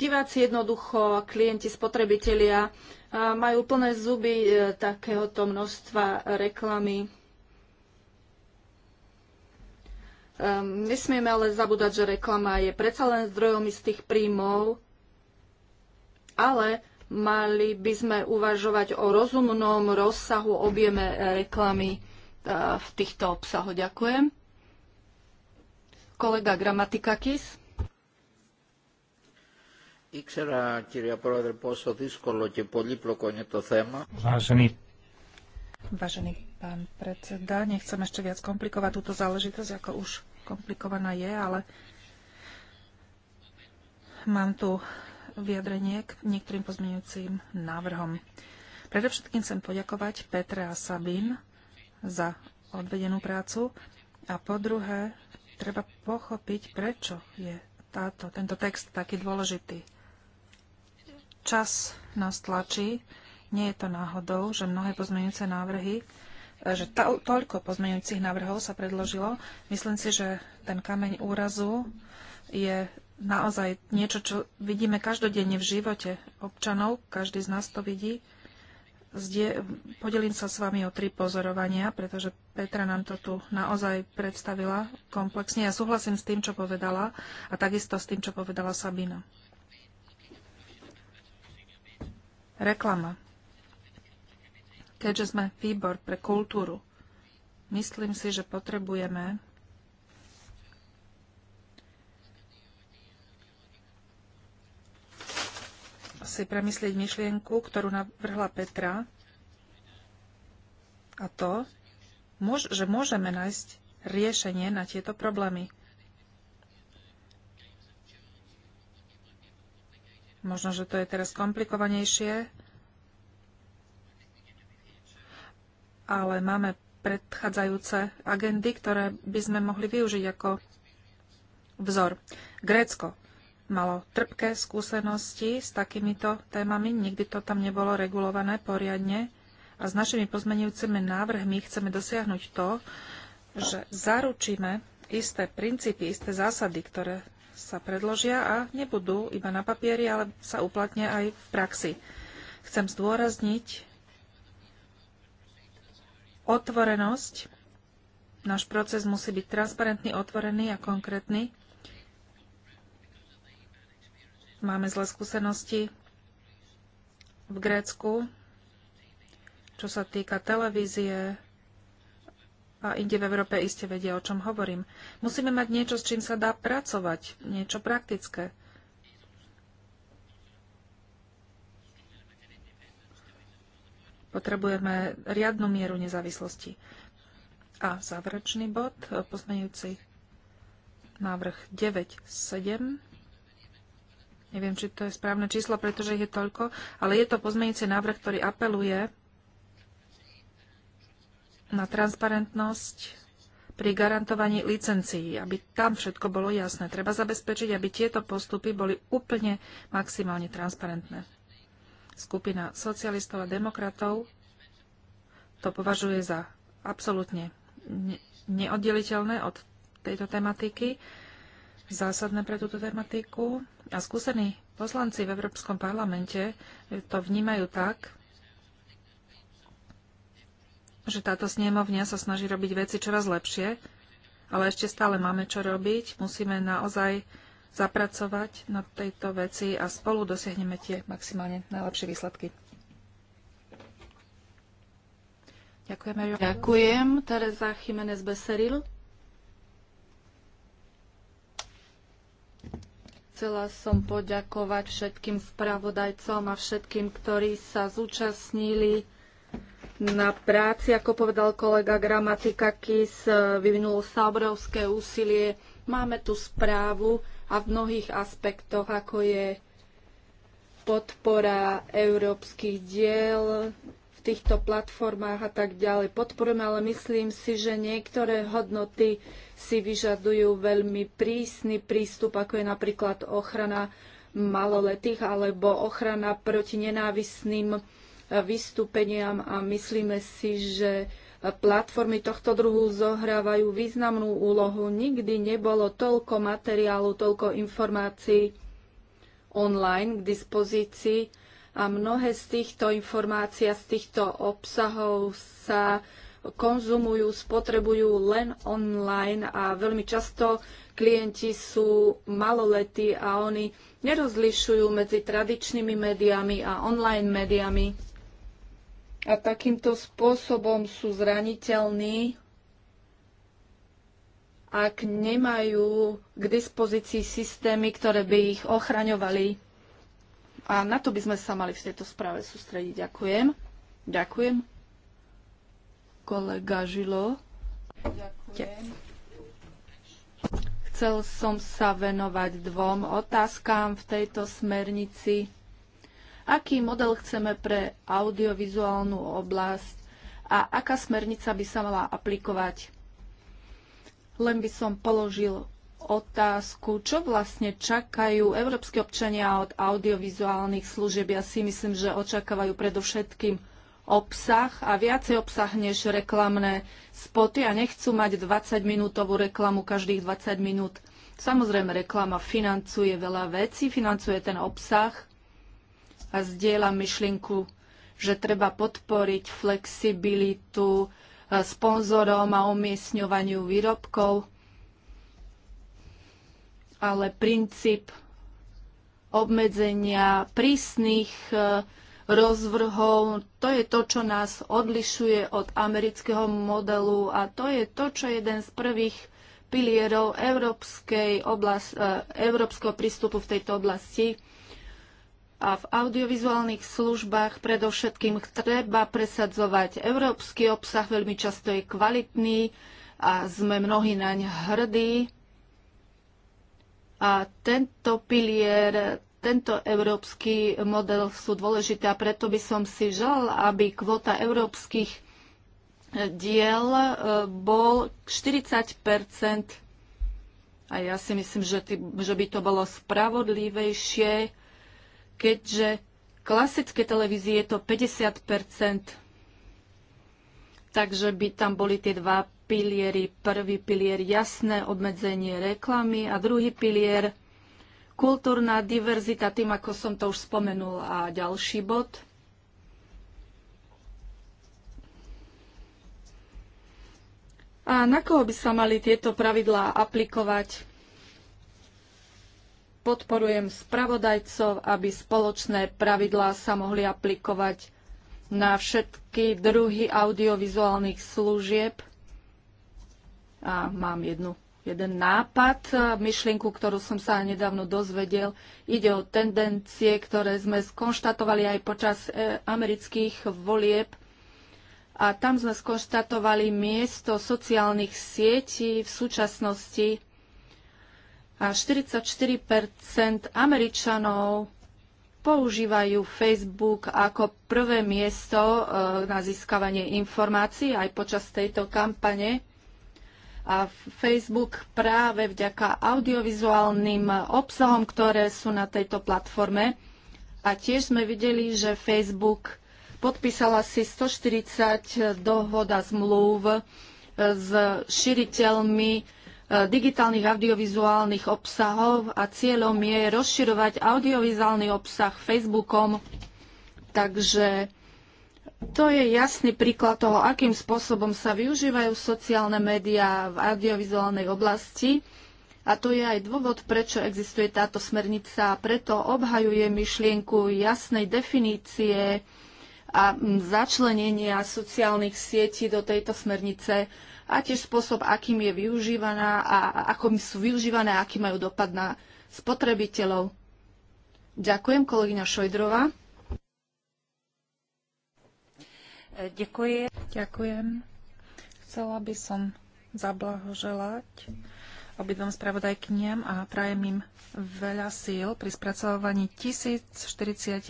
diváci jednoducho, klienti, spotrebitelia e, majú plné zuby takéhoto množstva reklamy. Nesmieme ale zabúdať, že reklama je predsa len zdrojom istých príjmov, ale Mali by sme uvažovať o rozumnom rozsahu objeme e, reklamy e, v týchto obsahoch. Ďakujem. Kolega Gramatikakis. Ήξερα, κυρία Πρόεδρε, πόσο δύσκολο και πολύπλοκο είναι το θέμα. Vážený. Vážený pán predseda, nechcem ešte viac komplikovať túto záležitosť, ako už komplikovaná je, ale mám tu vyjadrenie k niektorým pozmeňujúcim návrhom. Predovšetkým chcem poďakovať Petre a Sabín za odvedenú prácu a po druhé treba pochopiť, prečo je táto, tento text taký dôležitý. Čas nás tlačí, nie je to náhodou, že mnohé pozmeňujúce návrhy že to, toľko pozmeňujúcich návrhov sa predložilo. Myslím si, že ten kameň úrazu je naozaj niečo, čo vidíme každodenne v živote občanov, každý z nás to vidí. Zde, podelím sa s vami o tri pozorovania, pretože Petra nám to tu naozaj predstavila komplexne. Ja súhlasím s tým, čo povedala a takisto s tým, čo povedala Sabina. Reklama. Keďže sme výbor pre kultúru, myslím si, že potrebujeme si premyslieť myšlienku, ktorú navrhla Petra, a to, že môžeme nájsť riešenie na tieto problémy. Možno, že to je teraz komplikovanejšie, ale máme predchádzajúce agendy, ktoré by sme mohli využiť ako vzor. Grécko malo trpké skúsenosti s takýmito témami, nikdy to tam nebolo regulované poriadne a s našimi pozmenujúcimi návrhmi chceme dosiahnuť to, že zaručíme isté princípy, isté zásady, ktoré sa predložia a nebudú iba na papieri, ale sa uplatnia aj v praxi. Chcem zdôrazniť otvorenosť. Náš proces musí byť transparentný, otvorený a konkrétny Máme zlé skúsenosti v Grécku, čo sa týka televízie a inde v Európe iste vedia, o čom hovorím. Musíme mať niečo, s čím sa dá pracovať, niečo praktické. Potrebujeme riadnu mieru nezávislosti. A záverečný bod, poznajúci návrh 9.7. Neviem, či to je správne číslo, pretože ich je toľko, ale je to pozmeňujúci návrh, ktorý apeluje na transparentnosť pri garantovaní licencií, aby tam všetko bolo jasné. Treba zabezpečiť, aby tieto postupy boli úplne maximálne transparentné. Skupina socialistov a demokratov to považuje za absolútne neoddeliteľné od tejto tematiky zásadné pre túto tematiku a skúsení poslanci v Európskom parlamente to vnímajú tak, že táto snemovňa sa snaží robiť veci čoraz lepšie, ale ešte stále máme čo robiť. Musíme naozaj zapracovať na tejto veci a spolu dosiahneme tie maximálne najlepšie výsledky. Ďakujem. Ďakujem, Tereza Jiménez Beseril. Chcela som poďakovať všetkým spravodajcom a všetkým, ktorí sa zúčastnili na práci. Ako povedal kolega Gramatika Kis, vyvinulo sa obrovské úsilie. Máme tu správu a v mnohých aspektoch, ako je podpora európskych diel, týchto platformách a tak ďalej podporujem, ale myslím si, že niektoré hodnoty si vyžadujú veľmi prísny prístup, ako je napríklad ochrana maloletých alebo ochrana proti nenávisným vystúpeniam a myslíme si, že platformy tohto druhu zohrávajú významnú úlohu. Nikdy nebolo toľko materiálu, toľko informácií online k dispozícii a mnohé z týchto informácií a z týchto obsahov sa konzumujú, spotrebujú len online a veľmi často klienti sú maloletí a oni nerozlišujú medzi tradičnými médiami a online médiami. A takýmto spôsobom sú zraniteľní ak nemajú k dispozícii systémy, ktoré by ich ochraňovali. A na to by sme sa mali v tejto správe sústrediť. Ďakujem. Ďakujem. Kolega Žilo. Ďakujem. Chcel som sa venovať dvom otázkám v tejto smernici. Aký model chceme pre audiovizuálnu oblasť a aká smernica by sa mala aplikovať? Len by som položil otázku, čo vlastne čakajú európske občania od audiovizuálnych služieb. Ja si myslím, že očakávajú predovšetkým obsah a viacej obsah než reklamné spoty a nechcú mať 20-minútovú reklamu každých 20 minút. Samozrejme, reklama financuje veľa vecí, financuje ten obsah a zdieľa myšlienku, že treba podporiť flexibilitu eh, sponzorom a umiestňovaniu výrobkov ale princíp obmedzenia prísnych e, rozvrhov, to je to, čo nás odlišuje od amerického modelu a to je to, čo je jeden z prvých pilierov európskej oblast, e, európskeho prístupu v tejto oblasti. A v audiovizuálnych službách predovšetkým treba presadzovať európsky obsah, veľmi často je kvalitný a sme mnohí naň hrdí a tento pilier, tento európsky model sú dôležité a preto by som si žal, aby kvota európskych e, diel e, bol 40 a ja si myslím, že, ty, že by to bolo spravodlivejšie, keďže klasické televízie je to 50 takže by tam boli tie dva piliery. Prvý pilier jasné obmedzenie reklamy a druhý pilier kultúrna diverzita, tým ako som to už spomenul, a ďalší bod. A na koho by sa mali tieto pravidlá aplikovať? Podporujem spravodajcov, aby spoločné pravidlá sa mohli aplikovať na všetky druhy audiovizuálnych služieb – a mám jednu, jeden nápad, e, myšlienku, ktorú som sa nedávno dozvedel. Ide o tendencie, ktoré sme skonštatovali aj počas e, amerických volieb. A tam sme skonštatovali miesto sociálnych sietí v súčasnosti. A 44 Američanov používajú Facebook ako prvé miesto e, na získavanie informácií aj počas tejto kampane. A Facebook práve vďaka audiovizuálnym obsahom, ktoré sú na tejto platforme. A tiež sme videli, že Facebook podpísala si 140 dohod a zmluv e, s širiteľmi e, digitálnych audiovizuálnych obsahov a cieľom je rozširovať audiovizuálny obsah Facebookom. Takže to je jasný príklad toho, akým spôsobom sa využívajú sociálne médiá v audiovizuálnej oblasti. A to je aj dôvod, prečo existuje táto smernica a preto obhajuje myšlienku jasnej definície a začlenenia sociálnych sietí do tejto smernice a tiež spôsob, akým je využívaná a ako sú využívané a aký majú dopad na spotrebiteľov. Ďakujem, kolegyňa Šojdrová. Ďakujem. Ďakujem. Chcela by som zablahoželať obidvom spravodajkyniam a prajem im veľa síl pri spracovaní 1044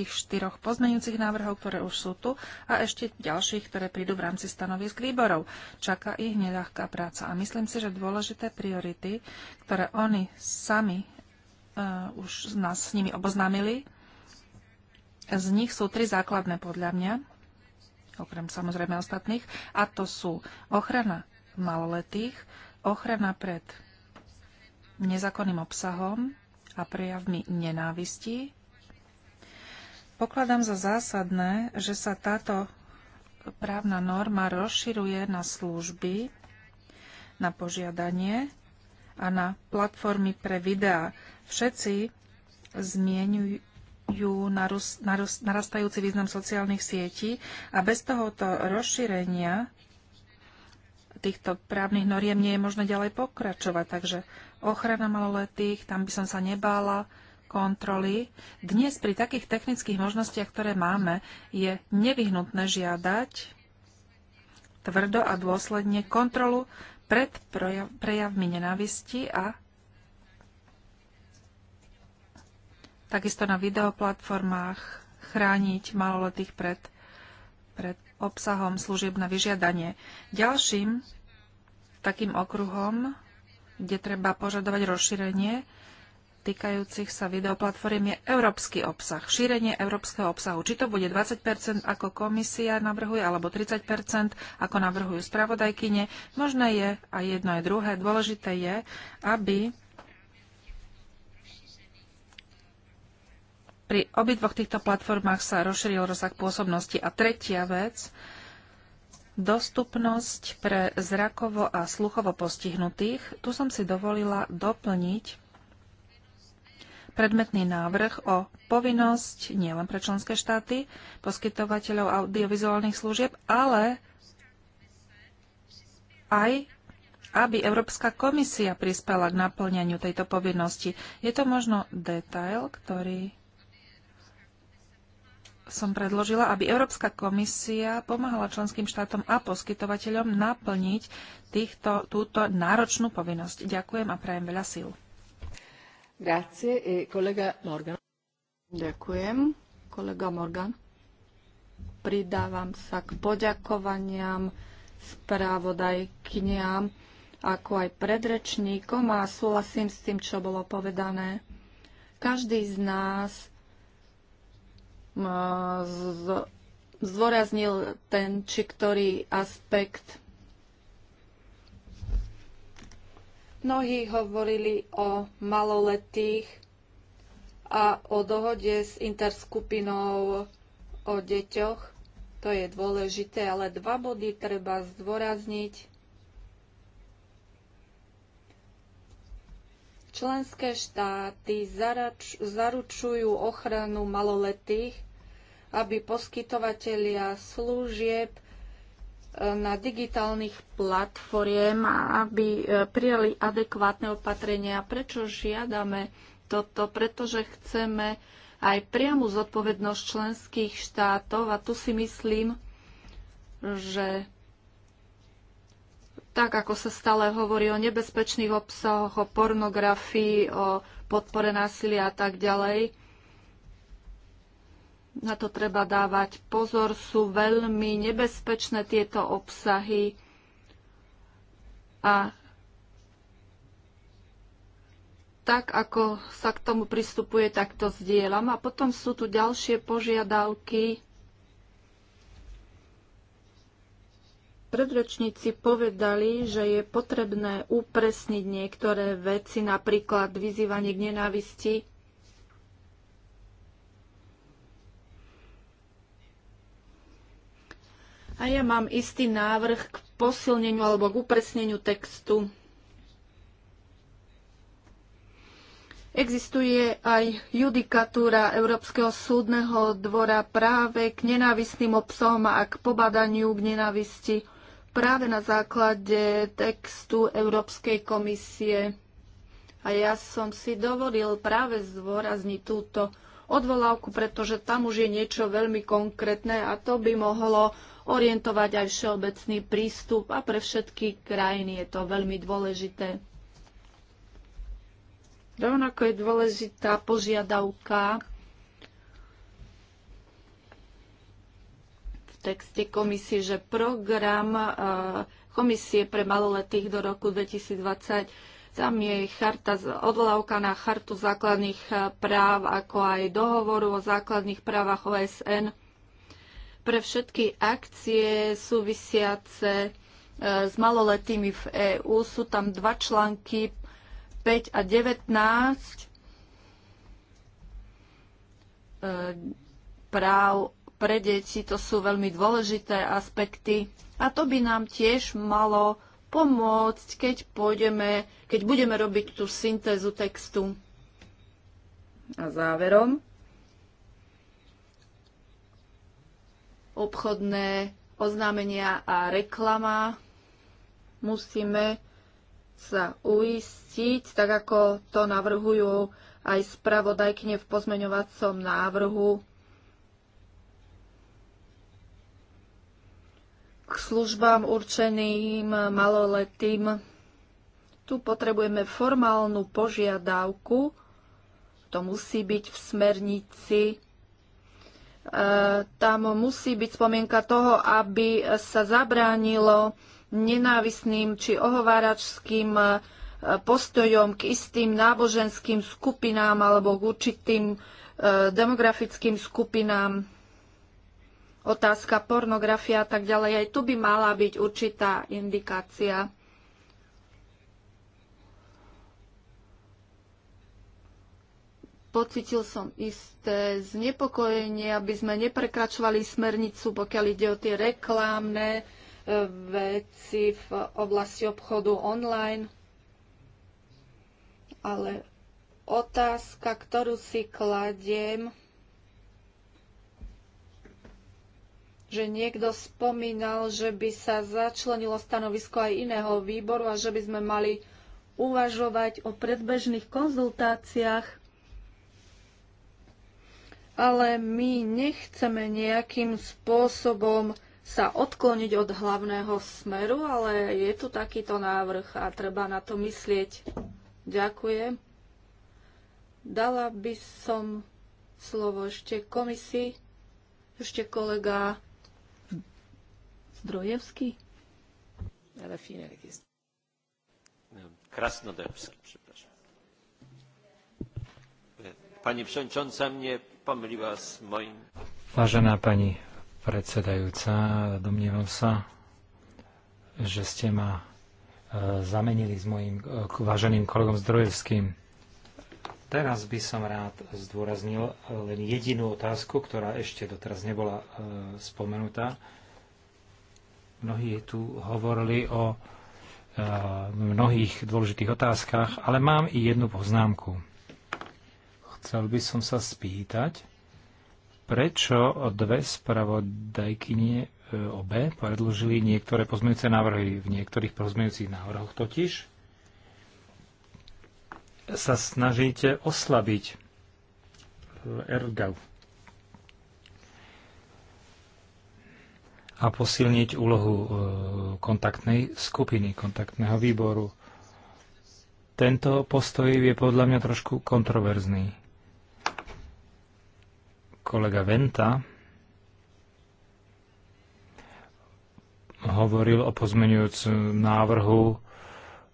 pozmeňujúcich návrhov, ktoré už sú tu a ešte ďalších, ktoré prídu v rámci stanovisk výborov. Čaká ich neľahká práca a myslím si, že dôležité priority, ktoré oni sami uh, už nás s nimi oboznámili, z nich sú tri základné podľa mňa okrem samozrejme ostatných, a to sú ochrana maloletých, ochrana pred nezákonným obsahom a prejavmi nenávisti. Pokladám za zásadné, že sa táto právna norma rozširuje na služby, na požiadanie a na platformy pre videá. Všetci zmienujú ju narus, narus, narastajúci význam sociálnych sietí a bez tohoto rozšírenia týchto právnych noriem nie je možné ďalej pokračovať. Takže ochrana maloletých, tam by som sa nebála kontroly. Dnes pri takých technických možnostiach, ktoré máme, je nevyhnutné žiadať tvrdo a dôsledne kontrolu pred prejavmi nenávisti a takisto na videoplatformách chrániť maloletých pred, pred obsahom služieb na vyžiadanie. Ďalším takým okruhom, kde treba požadovať rozšírenie týkajúcich sa videoplatform je európsky obsah, šírenie európskeho obsahu. Či to bude 20 ako komisia navrhuje, alebo 30 ako navrhujú spravodajkyne, možné je, aj jedno aj druhé, dôležité je, aby pri obidvoch týchto platformách sa rozšíril rozsah pôsobnosti. A tretia vec, dostupnosť pre zrakovo a sluchovo postihnutých. Tu som si dovolila doplniť predmetný návrh o povinnosť nielen pre členské štáty, poskytovateľov audiovizuálnych služieb, ale aj aby Európska komisia prispela k naplňaniu tejto povinnosti. Je to možno detail, ktorý som predložila, aby Európska komisia pomáhala členským štátom a poskytovateľom naplniť týchto, túto náročnú povinnosť. Ďakujem a prajem veľa síl. Grazie, e, kolega Morgan. Ďakujem, kolega Morgan. Pridávam sa k poďakovaniam správodajkyniam, ako aj predrečníkom a súhlasím s tým, čo bolo povedané. Každý z nás zdôraznil ten či ktorý aspekt. Mnohí hovorili o maloletých a o dohode s interskupinou o deťoch. To je dôležité, ale dva body treba zdôrazniť. Členské štáty zaručujú ochranu maloletých aby poskytovatelia služieb e, na digitálnych platformiem, aby e, prijali adekvátne opatrenia. Prečo žiadame toto? Pretože chceme aj priamu zodpovednosť členských štátov a tu si myslím, že tak, ako sa stále hovorí o nebezpečných obsahoch, o pornografii, o podpore násilia a tak ďalej, na to treba dávať pozor, sú veľmi nebezpečné tieto obsahy a tak ako sa k tomu pristupuje, tak to zdieľam. A potom sú tu ďalšie požiadavky. Predrečníci povedali, že je potrebné upresniť niektoré veci, napríklad vyzývanie k nenávisti A ja mám istý návrh k posilneniu alebo k upresneniu textu. Existuje aj judikatúra Európskeho súdneho dvora práve k nenávistným obsahom a k pobadaniu k nenávisti práve na základe textu Európskej komisie. A ja som si dovolil práve zdôrazniť túto odvolávku, pretože tam už je niečo veľmi konkrétne a to by mohlo orientovať aj všeobecný prístup a pre všetky krajiny je to veľmi dôležité. Rovnako je dôležitá požiadavka v texte komisie, že program e, komisie pre maloletých do roku 2020 tam je charta, odvolávka na chartu základných e, práv, ako aj dohovoru o základných právach OSN – pre všetky akcie súvisiace e, s maloletými v EÚ. Sú tam dva články 5 a 19 e, práv pre deti, to sú veľmi dôležité aspekty a to by nám tiež malo pomôcť, keď, pôjdeme, keď budeme robiť tú syntézu textu. A záverom, obchodné oznámenia a reklama. Musíme sa uistiť, tak ako to navrhujú aj spravodajkne v pozmeňovacom návrhu k službám určeným maloletým. Tu potrebujeme formálnu požiadavku, to musí byť v smernici E, tam musí byť spomienka toho, aby sa zabránilo nenávisným či ohováračským e, postojom k istým náboženským skupinám alebo k určitým e, demografickým skupinám. Otázka pornografia a tak ďalej. Aj tu by mala byť určitá indikácia. pocítil som isté znepokojenie, aby sme neprekračovali smernicu, pokiaľ ide o tie reklámne veci v oblasti obchodu online. Ale otázka, ktorú si kladiem, že niekto spomínal, že by sa začlenilo stanovisko aj iného výboru a že by sme mali uvažovať o predbežných konzultáciách ale my nechceme nejakým spôsobom sa odkloniť od hlavného smeru, ale je tu takýto návrh a treba na to myslieť. Ďakujem. Dala by som slovo ešte komisii, ešte kolega Zdrojevský. Krasnodębski, przepraszam. Pani przewodnicząca mnie pomýliła Vážená pani predsedajúca, domnievam sa, že ste ma e, zamenili s mojim e, váženým kolegom Zdrojevským. Teraz by som rád zdôraznil e, len jedinú otázku, ktorá ešte doteraz nebola spomenutá. Mnohí tu hovorili o mnohých dôležitých otázkach, ale mám i jednu poznámku. Chcel by som sa spýtať, prečo dve spravodajkynie e, obe predložili niektoré pozmeňujúce návrhy. V niektorých pozmeňujúcich návrhoch totiž sa snažíte oslabiť ERGAV a posilniť úlohu e, kontaktnej skupiny, kontaktného výboru. Tento postoj je podľa mňa trošku kontroverzný kolega Venta hovoril o pozmenujúcom návrhu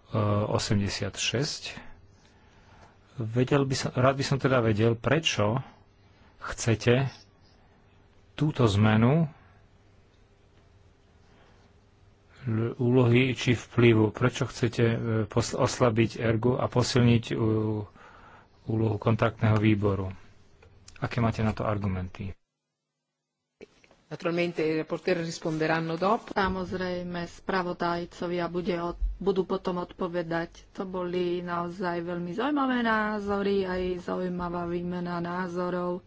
86. E, vedel by som, rád by som teda vedel, prečo chcete túto zmenu úlohy či vplyvu. Prečo chcete e, oslabiť ergu a posilniť e, úlohu kontaktného výboru? Aké máte na to argumenty? Samozrejme, spravodajcovia bude od, budú potom odpovedať. To boli naozaj veľmi zaujímavé názory, aj zaujímavá výmena názorov.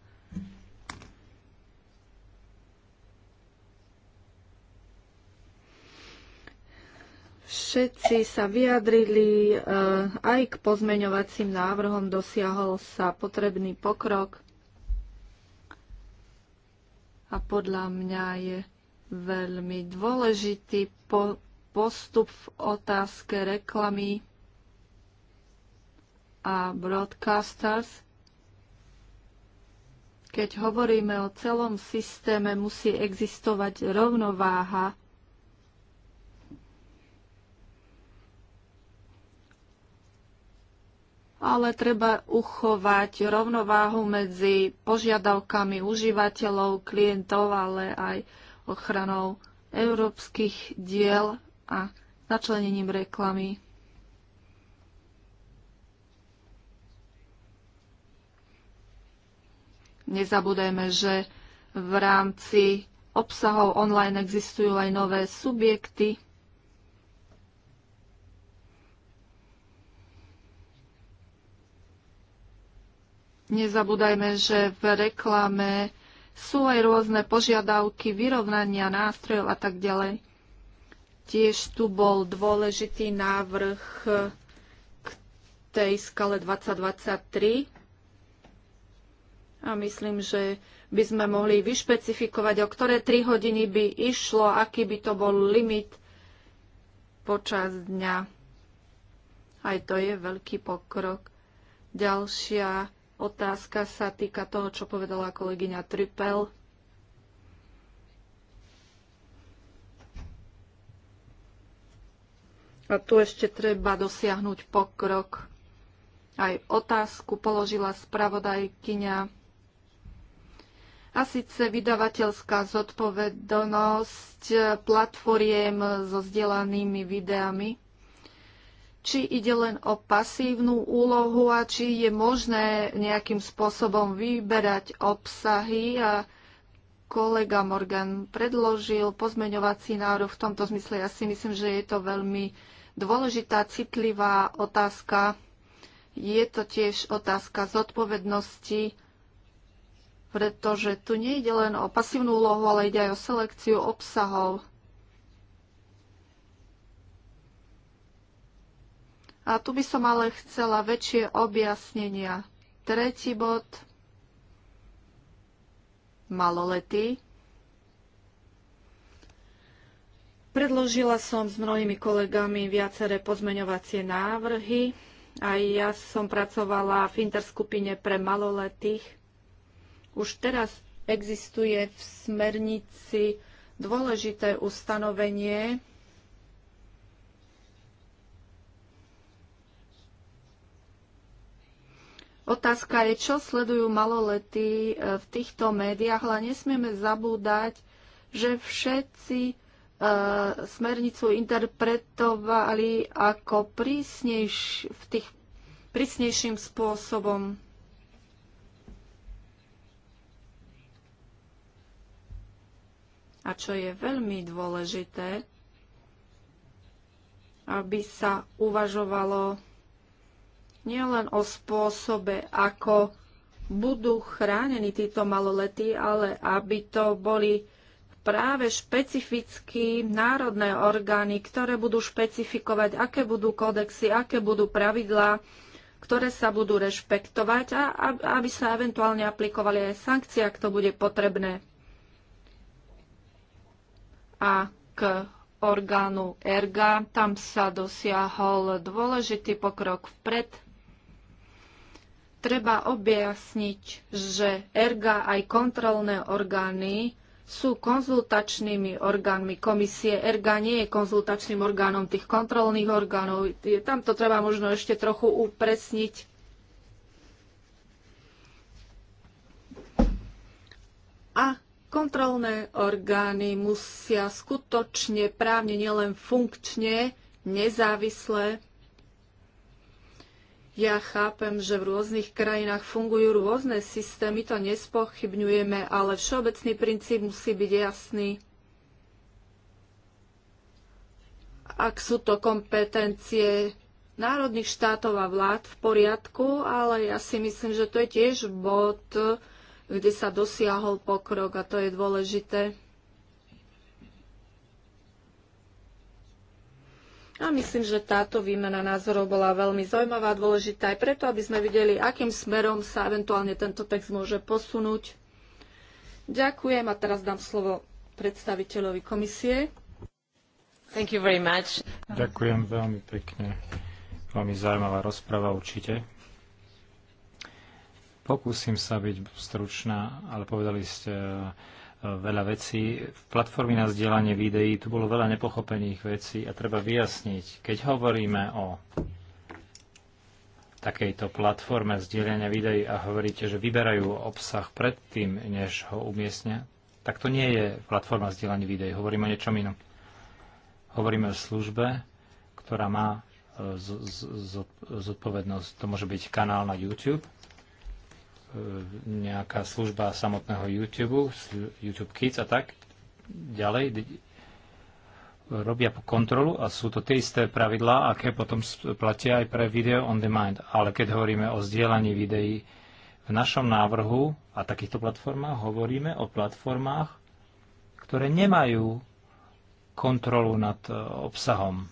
Všetci sa vyjadrili, eh, aj k pozmeňovacím návrhom dosiahol sa potrebný pokrok a podľa mňa je veľmi dôležitý po, postup v otázke reklamy a broadcasters. Keď hovoríme o celom systéme, musí existovať rovnováha ale treba uchovať rovnováhu medzi požiadavkami užívateľov, klientov, ale aj ochranou európskych diel a začlenením reklamy. Nezabudajme, že v rámci obsahov online existujú aj nové subjekty, Nezabúdajme, že v reklame sú aj rôzne požiadavky, vyrovnania nástrojov a tak ďalej. Tiež tu bol dôležitý návrh k tej skale 2023 a myslím, že by sme mohli vyšpecifikovať, o ktoré 3 hodiny by išlo, aký by to bol limit počas dňa. Aj to je veľký pokrok. Ďalšia otázka sa týka toho, čo povedala kolegyňa Tripel. A tu ešte treba dosiahnuť pokrok. Aj otázku položila spravodajkyňa. A síce vydavateľská zodpovednosť platformiem so zdieľanými videami či ide len o pasívnu úlohu a či je možné nejakým spôsobom vyberať obsahy. A kolega Morgan predložil pozmeňovací návrh v tomto zmysle. Ja si myslím, že je to veľmi dôležitá, citlivá otázka. Je to tiež otázka zodpovednosti, pretože tu nejde len o pasívnu úlohu, ale ide aj o selekciu obsahov A tu by som ale chcela väčšie objasnenia. Tretí bod. Maloletý. Predložila som s mnohými kolegami viaceré pozmeňovacie návrhy. Aj ja som pracovala v interskupine pre maloletých. Už teraz existuje v smernici dôležité ustanovenie, Otázka je, čo sledujú maloletí e, v týchto médiách, ale nesmieme zabúdať, že všetci e, smernicu interpretovali ako prísnejš, v tých prísnejším spôsobom. A čo je veľmi dôležité, aby sa uvažovalo nielen o spôsobe, ako budú chránení títo maloletí, ale aby to boli práve špecificky národné orgány, ktoré budú špecifikovať, aké budú kódexy, aké budú pravidlá, ktoré sa budú rešpektovať a aby sa eventuálne aplikovali aj sankcie, ak to bude potrebné. A k orgánu ERGA tam sa dosiahol dôležitý pokrok vpred treba objasniť, že ERGA aj kontrolné orgány sú konzultačnými orgánmi komisie. ERGA nie je konzultačným orgánom tých kontrolných orgánov. Tam to treba možno ešte trochu upresniť. A kontrolné orgány musia skutočne právne, nielen funkčne, nezávisle ja chápem, že v rôznych krajinách fungujú rôzne systémy, to nespochybňujeme, ale všeobecný princíp musí byť jasný. Ak sú to kompetencie národných štátov a vlád v poriadku, ale ja si myslím, že to je tiež bod, kde sa dosiahol pokrok a to je dôležité. A myslím, že táto výmena názorov bola veľmi zaujímavá a dôležitá aj preto, aby sme videli, akým smerom sa eventuálne tento text môže posunúť. Ďakujem a teraz dám slovo predstaviteľovi komisie. Thank you very much. Ďakujem veľmi pekne. Veľmi zaujímavá rozprava určite. Pokúsim sa byť stručná, ale povedali ste veľa vecí. V platformy na vzdielanie videí tu bolo veľa nepochopených vecí a treba vyjasniť, keď hovoríme o takejto platforme zdieľania videí a hovoríte, že vyberajú obsah predtým, než ho umiestnia, tak to nie je platforma zdieľania videí. Hovoríme o niečom inom. Hovoríme o službe, ktorá má e, zodpovednosť. To môže byť kanál na YouTube, E, nejaká služba samotného YouTube, YouTube Kids a tak ďalej, robia kontrolu a sú to tie isté pravidlá, aké potom platia aj pre video on demand. Ale keď hovoríme o zdieľaní videí, v našom návrhu a takýchto platformách hovoríme o platformách, ktoré nemajú kontrolu nad e, obsahom.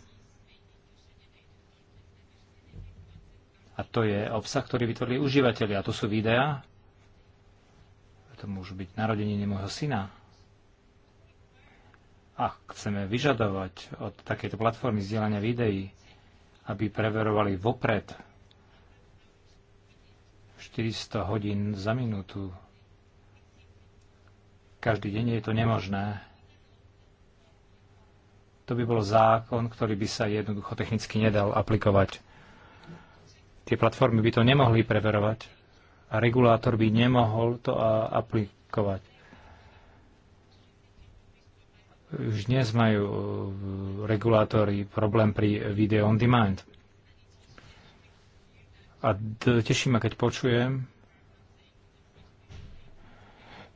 A to je obsah, ktorý vytvorili užívateľi. A to sú videá. To môžu byť narodeniny môjho syna. A chceme vyžadovať od takéto platformy zdieľania videí, aby preverovali vopred 400 hodín za minútu. Každý deň je to nemožné. To by bol zákon, ktorý by sa jednoducho technicky nedal aplikovať. Tie platformy by to nemohli preverovať a regulátor by nemohol to aplikovať. Už dnes majú e, regulátory problém pri video on demand. A teší ma, keď počujem,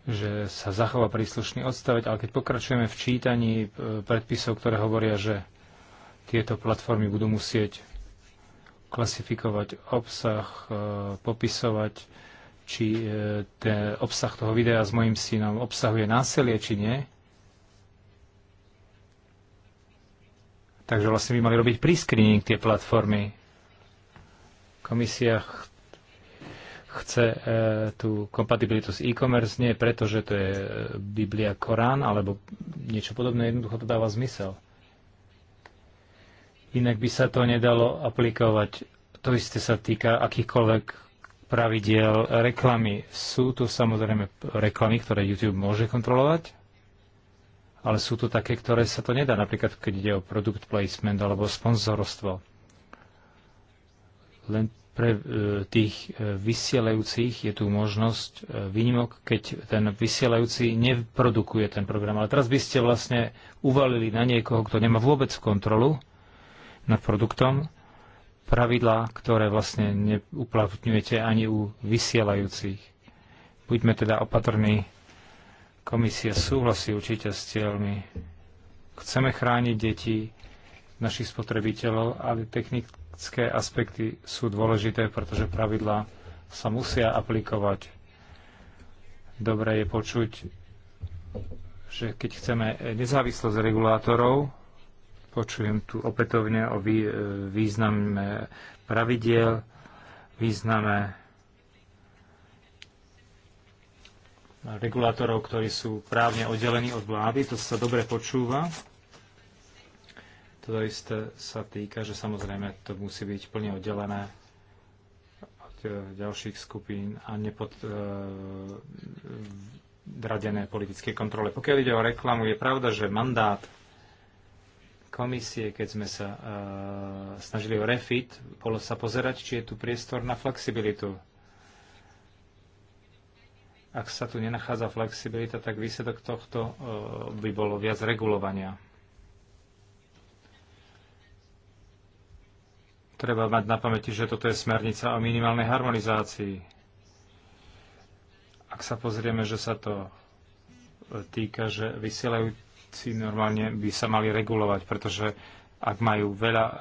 že sa zachová príslušný odstaveť, ale keď pokračujeme v čítaní e, predpisov, ktoré hovoria, že tieto platformy budú musieť klasifikovať obsah, e, popisovať, či e, ten obsah toho videa s mojim synom obsahuje násilie, či nie. Takže vlastne by mali robiť prískrining tie platformy. Komisia ch chce e, tú kompatibilitu s e-commerce nie preto, že to je e, Biblia Korán alebo niečo podobné, jednoducho to dáva zmysel inak by sa to nedalo aplikovať. To isté sa týka akýchkoľvek pravidiel reklamy. Sú tu samozrejme reklamy, ktoré YouTube môže kontrolovať, ale sú tu také, ktoré sa to nedá, napríklad keď ide o product placement alebo sponzorstvo. Len pre e, tých e, vysielajúcich je tu možnosť e, výnimok, keď ten vysielajúci neprodukuje ten program. Ale teraz by ste vlastne uvalili na niekoho, kto nemá vôbec kontrolu nad produktom, pravidlá, ktoré vlastne neuplatňujete ani u vysielajúcich. Buďme teda opatrní. Komisia súhlasí určite s cieľmi. Chceme chrániť deti, našich spotrebiteľov, ale technické aspekty sú dôležité, pretože pravidlá sa musia aplikovať. Dobre je počuť, že keď chceme nezávislosť regulátorov, Počujem tu opätovne o význame pravidiel, význame regulátorov, ktorí sú právne oddelení od vlády. To sa dobre počúva. To isté sa týka, že samozrejme to musí byť plne oddelené od ďalších skupín a nepodradené e, politickej kontrole. Pokiaľ ide o reklamu, je pravda, že mandát komisie, keď sme sa uh, snažili o refit, bolo sa pozerať, či je tu priestor na flexibilitu. Ak sa tu nenachádza flexibilita, tak výsledok tohto uh, by bolo viac regulovania. Treba mať na pamäti, že toto je smernica o minimálnej harmonizácii. Ak sa pozrieme, že sa to eh, týka, že vysielajú si normálne by sa mali regulovať, pretože ak majú veľa e, e,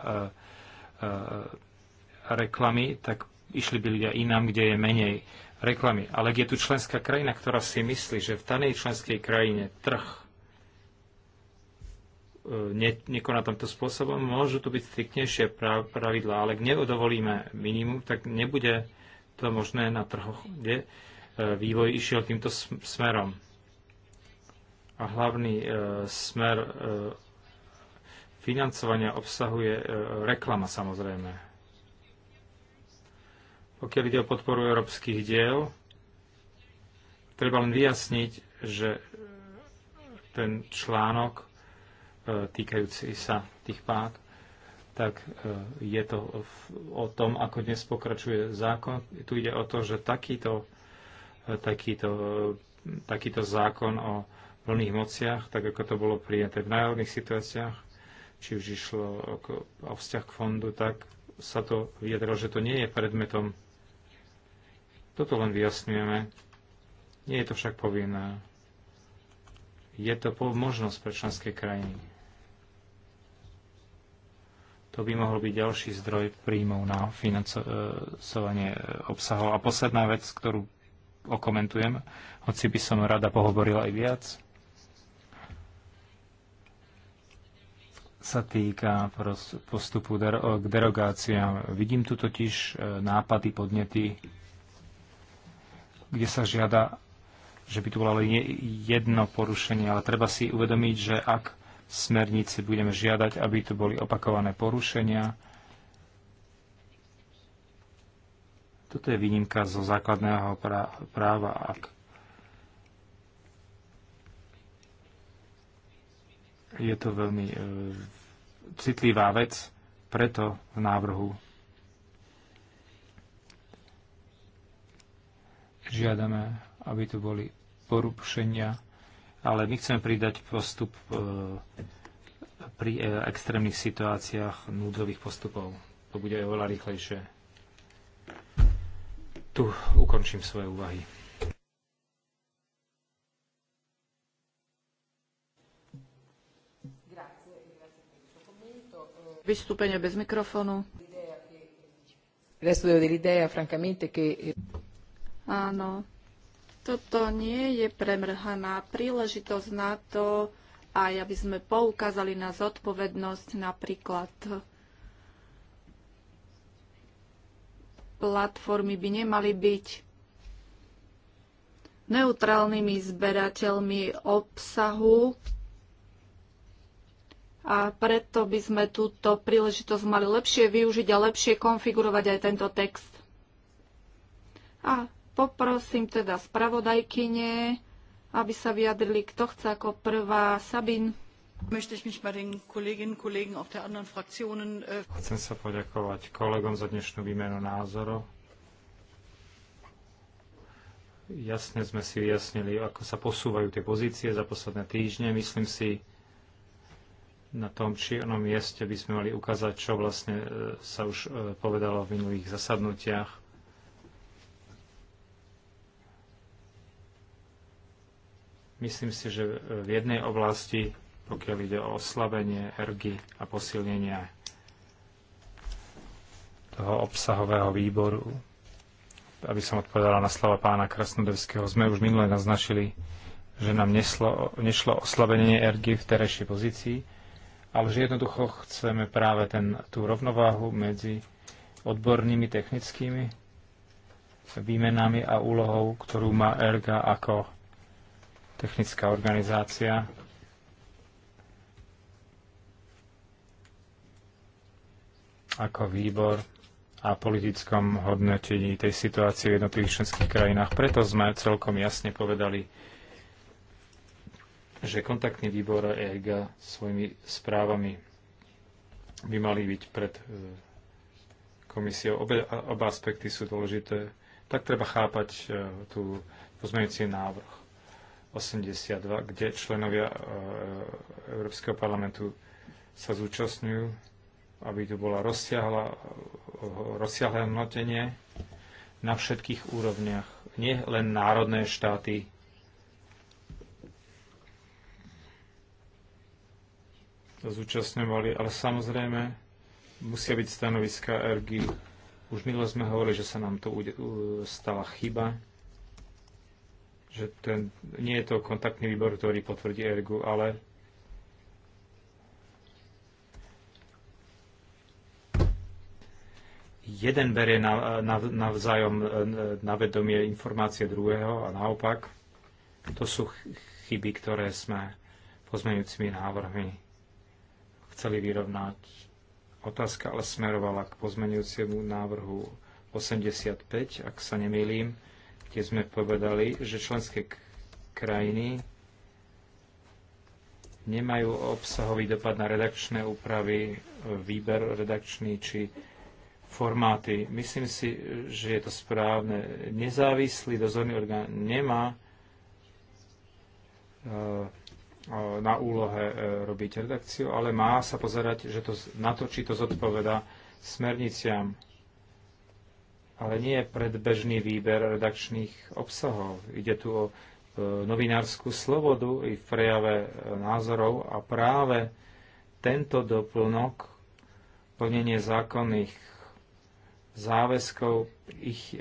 reklamy, tak išli by ľudia inám, kde je menej reklamy. Ale ak je tu členská krajina, ktorá si myslí, že v danej členskej krajine trh e, ne, nekoná tomto spôsobom, môžu tu byť striktnejšie pravidlá, ale ak neodovolíme minimum, tak nebude to možné na trhoch, kde vývoj išiel týmto smerom a hlavný e, smer e, financovania obsahuje e, reklama samozrejme. Pokiaľ ide o podporu európskych diel, treba len vyjasniť, že ten článok týkajúci sa tých pák, tak je to o tom, ako dnes pokračuje zákon. Tu ide o to, že takýto, takýto, takýto zákon o plných mociach, tak ako to bolo prijaté v národných situáciách, či už išlo o vzťah k fondu, tak sa to vyjadrilo, že to nie je predmetom. Toto len vyjasňujeme. Nie je to však povinné. Je to možnosť pre členské krajiny. To by mohol byť ďalší zdroj príjmov na financovanie e, obsahov. A posledná vec, ktorú okomentujem, hoci by som rada pohovorila aj viac – sa týka postupu k derogáciám. Vidím tu totiž e, nápady, podnety, kde sa žiada, že by tu bolo len jedno porušenie, ale treba si uvedomiť, že ak v smernici budeme žiadať, aby tu boli opakované porušenia, toto je výnimka zo základného práva. Ak Je to veľmi e, citlivá vec, preto v návrhu žiadame, aby tu boli porušenia, ale my chceme pridať postup e, pri e, extrémnych situáciách núdzových postupov. To bude oveľa rýchlejšie. Tu ukončím svoje úvahy. Vystúpenie bez mikrofónu. Áno. Toto nie je premrhaná príležitosť na to, aj aby sme poukázali na zodpovednosť napríklad platformy by nemali byť neutrálnymi zberateľmi obsahu, a preto by sme túto príležitosť mali lepšie využiť a lepšie konfigurovať aj tento text. A poprosím teda spravodajkyne, aby sa vyjadrili, kto chce ako prvá. Sabin. Äh, Chcem sa poďakovať kolegom za dnešnú výmenu názorov. Jasne sme si vyjasnili, ako sa posúvajú tie pozície za posledné týždne. Myslím si, na tom či onom mieste by sme mali ukázať, čo vlastne e, sa už e, povedalo v minulých zasadnutiach. Myslím si, že v jednej oblasti, pokiaľ ide o oslabenie ergy a posilnenie toho obsahového výboru, aby som odpovedala na slova pána Krasnodevského, sme už minule naznačili, že nám nešlo, nešlo oslabenie ergy v terejšej pozícii, ale že jednoducho chceme práve ten, tú rovnováhu medzi odbornými, technickými výmenami a úlohou, ktorú má ERGA ako technická organizácia. ako výbor a politickom hodnotení tej situácie v jednotlivých členských krajinách. Preto sme celkom jasne povedali, že kontaktný výbor EGA e svojimi správami by mali byť pred e, komisiou. Obe, oba aspekty sú dôležité. Tak treba chápať e, tú pozmeňujúci návrh 82, kde členovia Európskeho parlamentu sa zúčastňujú, aby tu bola rozsiahle hodnotenie na všetkých úrovniach. Nie len národné štáty zúčastňovali, ale samozrejme musia byť stanoviska RG. Už minule sme hovorili, že sa nám tu stala chyba, že ten, nie je to kontaktný výbor, ktorý potvrdí ergu, ale jeden berie na, na, navzájom e, na vedomie informácie druhého a naopak. To sú chyby, ktoré sme pozmeňujúcimi návrhmi chceli vyrovnať. Otázka ale smerovala k pozmenujúcemu návrhu 85, ak sa nemýlim, kde sme povedali, že členské krajiny nemajú obsahový dopad na redakčné úpravy, výber redakčný či formáty. Myslím si, že je to správne. Nezávislý dozorný orgán nemá eh, E, na úlohe e, robiť redakciu, ale má sa pozerať že to, na to, či to zodpoveda smerniciam. Ale nie je predbežný výber redakčných obsahov. Ide tu o e, novinárskú slobodu i v prejave názorov a práve tento doplnok, plnenie zákonných záväzkov, ich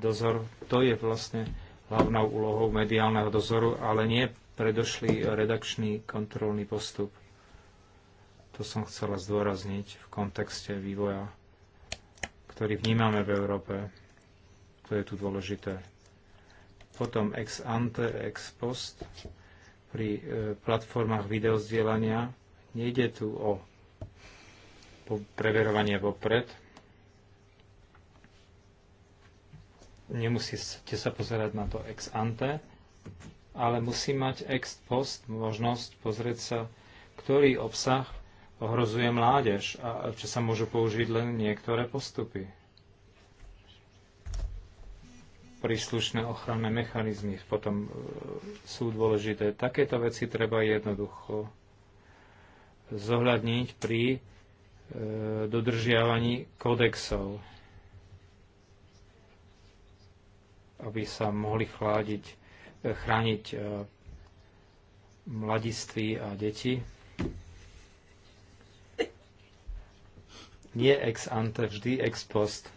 dozor, to je vlastne hlavnou úlohou mediálneho dozoru, ale nie predošlý redakčný kontrolný postup. To som chcela zdôrazniť v kontexte vývoja, ktorý vnímame v Európe. To je tu dôležité. Potom ex ante, ex post pri e, platformách videozdielania. Nejde tu o preverovanie vopred. Nemusíte sa pozerať na to ex ante, ale musí mať ex post možnosť pozrieť sa, ktorý obsah ohrozuje mládež a či sa môžu použiť len niektoré postupy. Príslušné ochranné mechanizmy potom e, sú dôležité. Takéto veci treba jednoducho zohľadniť pri e, dodržiavaní kodexov, aby sa mohli chládiť chrániť e, mladiství a deti. Nie ex ante, vždy ex post. E,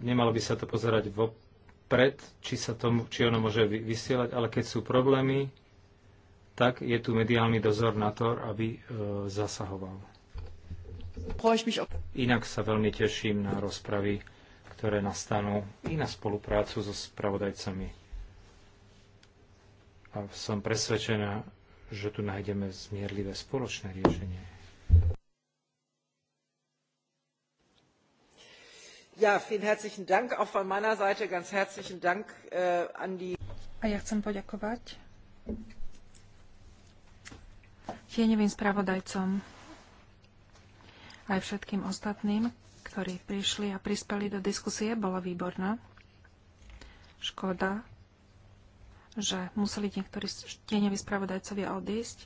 nemalo by sa to pozerať vopred, či, sa tomu, či ono môže vysielať, ale keď sú problémy, tak je tu mediálny dozor na to, aby e, zasahoval. Inak sa veľmi teším na rozpravy ktoré nastanú i na spoluprácu so spravodajcami. A som presvedčená, že tu nájdeme zmierlivé spoločné riešenie. Ja, vielen herzlichen Dank, auch von meiner Seite ganz herzlichen Dank äh, an die... A ja chcem poďakovať tieňovým spravodajcom aj všetkým ostatným, ktorí prišli a prispeli do diskusie, bola výborná. Škoda, že museli niektorí tieňoví spravodajcovia odísť.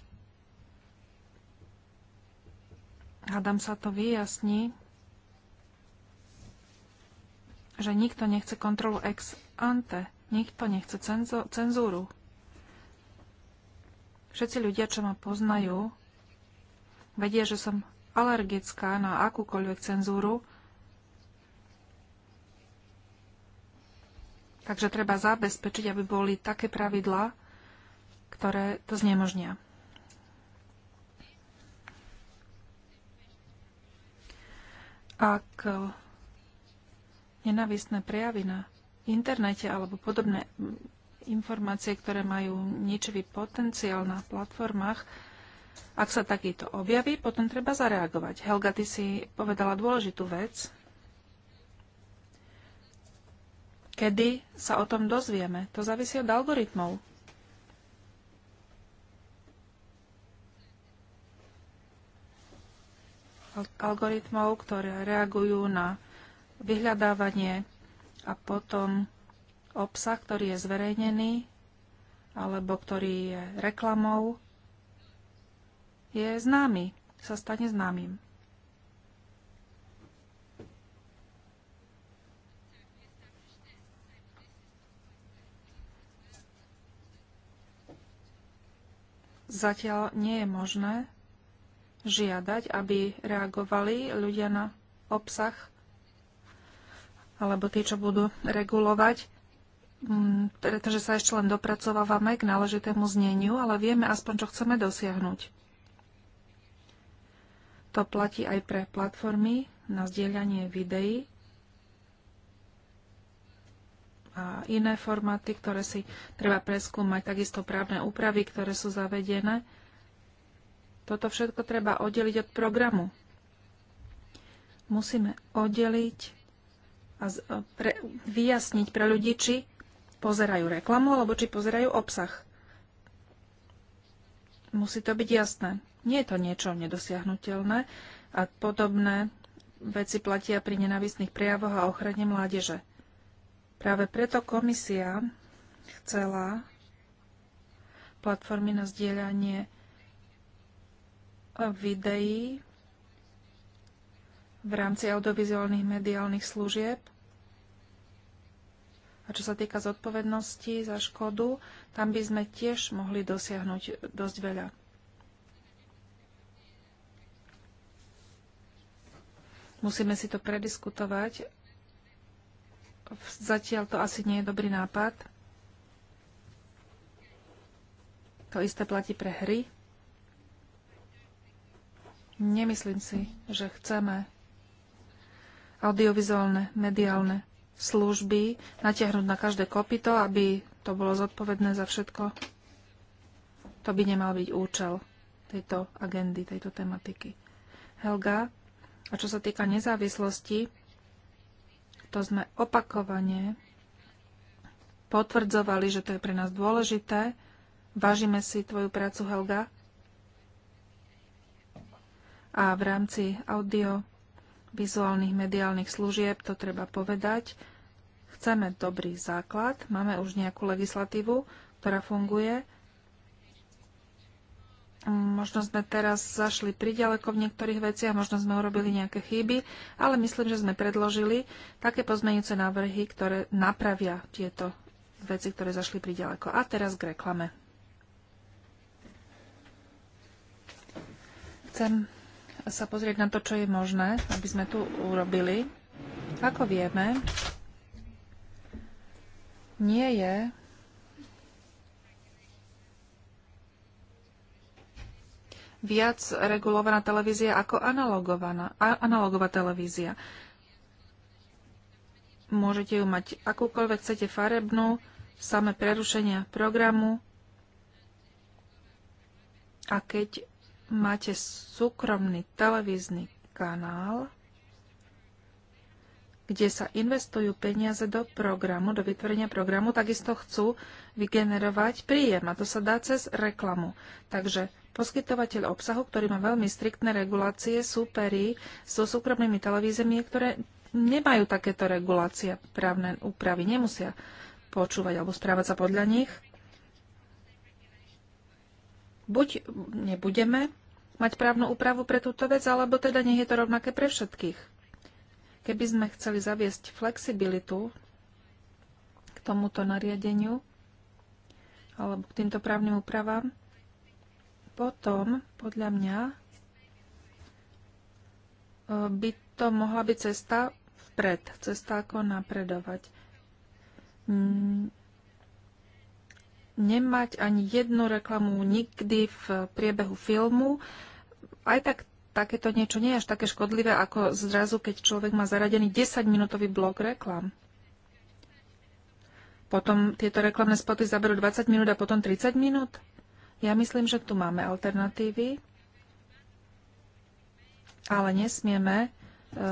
Hádam sa to vyjasní, že nikto nechce kontrolu ex ante, nikto nechce cenzúru. Všetci ľudia, čo ma poznajú, vedia, že som alergická na akúkoľvek cenzúru Takže treba zabezpečiť, aby boli také pravidlá, ktoré to znemožnia. Ak nenavistné prejavy na internete alebo podobné informácie, ktoré majú ničivý potenciál na platformách, ak sa takýto objaví, potom treba zareagovať. Helga, ty si povedala dôležitú vec, Kedy sa o tom dozvieme? To závisí od algoritmov. Algoritmov, ktoré reagujú na vyhľadávanie a potom obsah, ktorý je zverejnený alebo ktorý je reklamou, je známy, sa stane známym. zatiaľ nie je možné žiadať, aby reagovali ľudia na obsah alebo tí, čo budú regulovať, mm, pretože sa ešte len dopracovávame k náležitému zneniu, ale vieme aspoň, čo chceme dosiahnuť. To platí aj pre platformy na zdieľanie videí, a iné formáty, ktoré si treba preskúmať, takisto právne úpravy, ktoré sú zavedené. Toto všetko treba oddeliť od programu. Musíme oddeliť a pre, vyjasniť pre ľudí, či pozerajú reklamu alebo či pozerajú obsah. Musí to byť jasné. Nie je to niečo nedosiahnutelné a podobné veci platia pri nenavistných prejavoch a ochrane mládeže. Práve preto komisia chcela platformy na zdieľanie eh, videí v rámci audiovizuálnych mediálnych služieb. A čo sa týka zodpovednosti za škodu, tam by sme tiež mohli dosiahnuť dosť veľa. Musíme si to prediskutovať Zatiaľ to asi nie je dobrý nápad. To isté platí pre hry. Nemyslím si, že chceme audiovizuálne, mediálne služby natiahnuť na každé kopito, aby to bolo zodpovedné za všetko. To by nemal byť účel tejto agendy, tejto tematiky. Helga, a čo sa týka nezávislosti, to sme opakovane potvrdzovali, že to je pre nás dôležité. Vážime si tvoju prácu, Helga. A v rámci audio vizuálnych mediálnych služieb, to treba povedať, chceme dobrý základ, máme už nejakú legislatívu, ktorá funguje, Možno sme teraz zašli priďaleko v niektorých veciach, možno sme urobili nejaké chyby, ale myslím, že sme predložili také pozmeňujúce návrhy, ktoré napravia tieto veci, ktoré zašli priďaleko. A teraz k reklame. Chcem sa pozrieť na to, čo je možné, aby sme tu urobili. Ako vieme, nie je viac regulovaná televízia ako analogová televízia. Môžete ju mať akúkoľvek chcete farebnú, samé prerušenia programu. A keď máte súkromný televízny kanál, kde sa investujú peniaze do programu, do vytvorenia programu, takisto chcú vygenerovať príjem a to sa dá cez reklamu. Takže Poskytovateľ obsahu, ktorý má veľmi striktné regulácie, súperí so súkromnými televíziami, ktoré nemajú takéto regulácie právne úpravy, nemusia počúvať alebo správať sa podľa nich. Buď nebudeme mať právnu úpravu pre túto vec, alebo teda nech je to rovnaké pre všetkých. Keby sme chceli zaviesť flexibilitu k tomuto nariadeniu alebo k týmto právnym úpravám, potom, podľa mňa, e, by to mohla byť cesta vpred, cesta ako napredovať. Mm, nemať ani jednu reklamu nikdy v priebehu filmu, aj tak takéto niečo nie je až také škodlivé, ako zrazu, keď človek má zaradený 10-minútový blok reklam. Potom tieto reklamné spoty zaberú 20 minút a potom 30 minút. Ja myslím, že tu máme alternatívy, ale nesmieme e,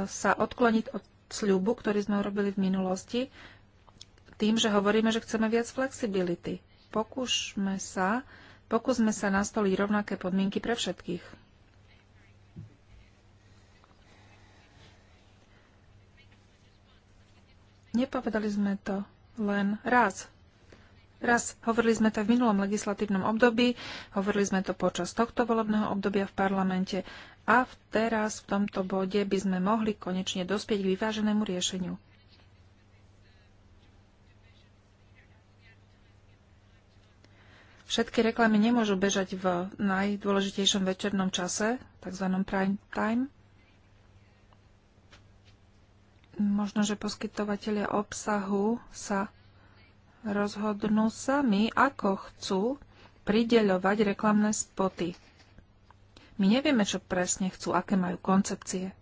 sa odkloniť od sľubu, ktorý sme urobili v minulosti, tým, že hovoríme, že chceme viac flexibility. Pokúšme sa, pokúsme sa nastoliť rovnaké podmienky pre všetkých. Nepovedali sme to len raz Raz hovorili sme to v minulom legislatívnom období, hovorili sme to počas tohto volebného obdobia v parlamente a teraz v tomto bode by sme mohli konečne dospieť k vyváženému riešeniu. Všetky reklamy nemôžu bežať v najdôležitejšom večernom čase, tzv. prime time. Možno, že poskytovateľia obsahu sa rozhodnú sami, ako chcú prideľovať reklamné spoty. My nevieme, čo presne chcú, aké majú koncepcie.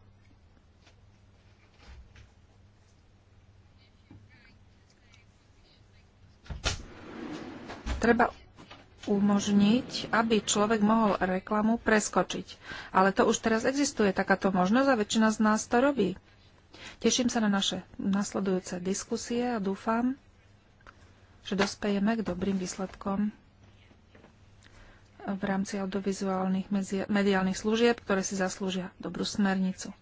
Treba umožniť, aby človek mohol reklamu preskočiť. Ale to už teraz existuje takáto možnosť a väčšina z nás to robí. Teším sa na naše nasledujúce diskusie a dúfam, že dospejeme k dobrým výsledkom v rámci audiovizuálnych mediálnych služieb, ktoré si zaslúžia dobrú smernicu.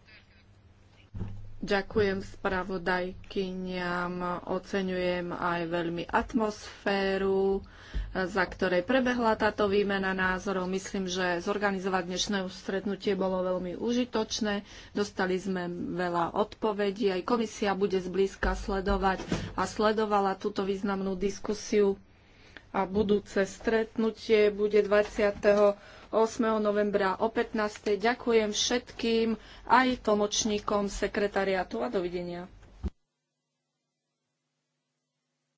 Ďakujem spravodajkyniam, oceňujem aj veľmi atmosféru, za ktorej prebehla táto výmena názorov. Myslím, že zorganizovať dnešné stretnutie bolo veľmi užitočné. Dostali sme veľa odpovedí. Aj komisia bude zblízka sledovať a sledovala túto významnú diskusiu. A budúce stretnutie bude 20. 8. novembra o 15. Ďakujem všetkým, aj tlmočníkom sekretariátu a dovidenia.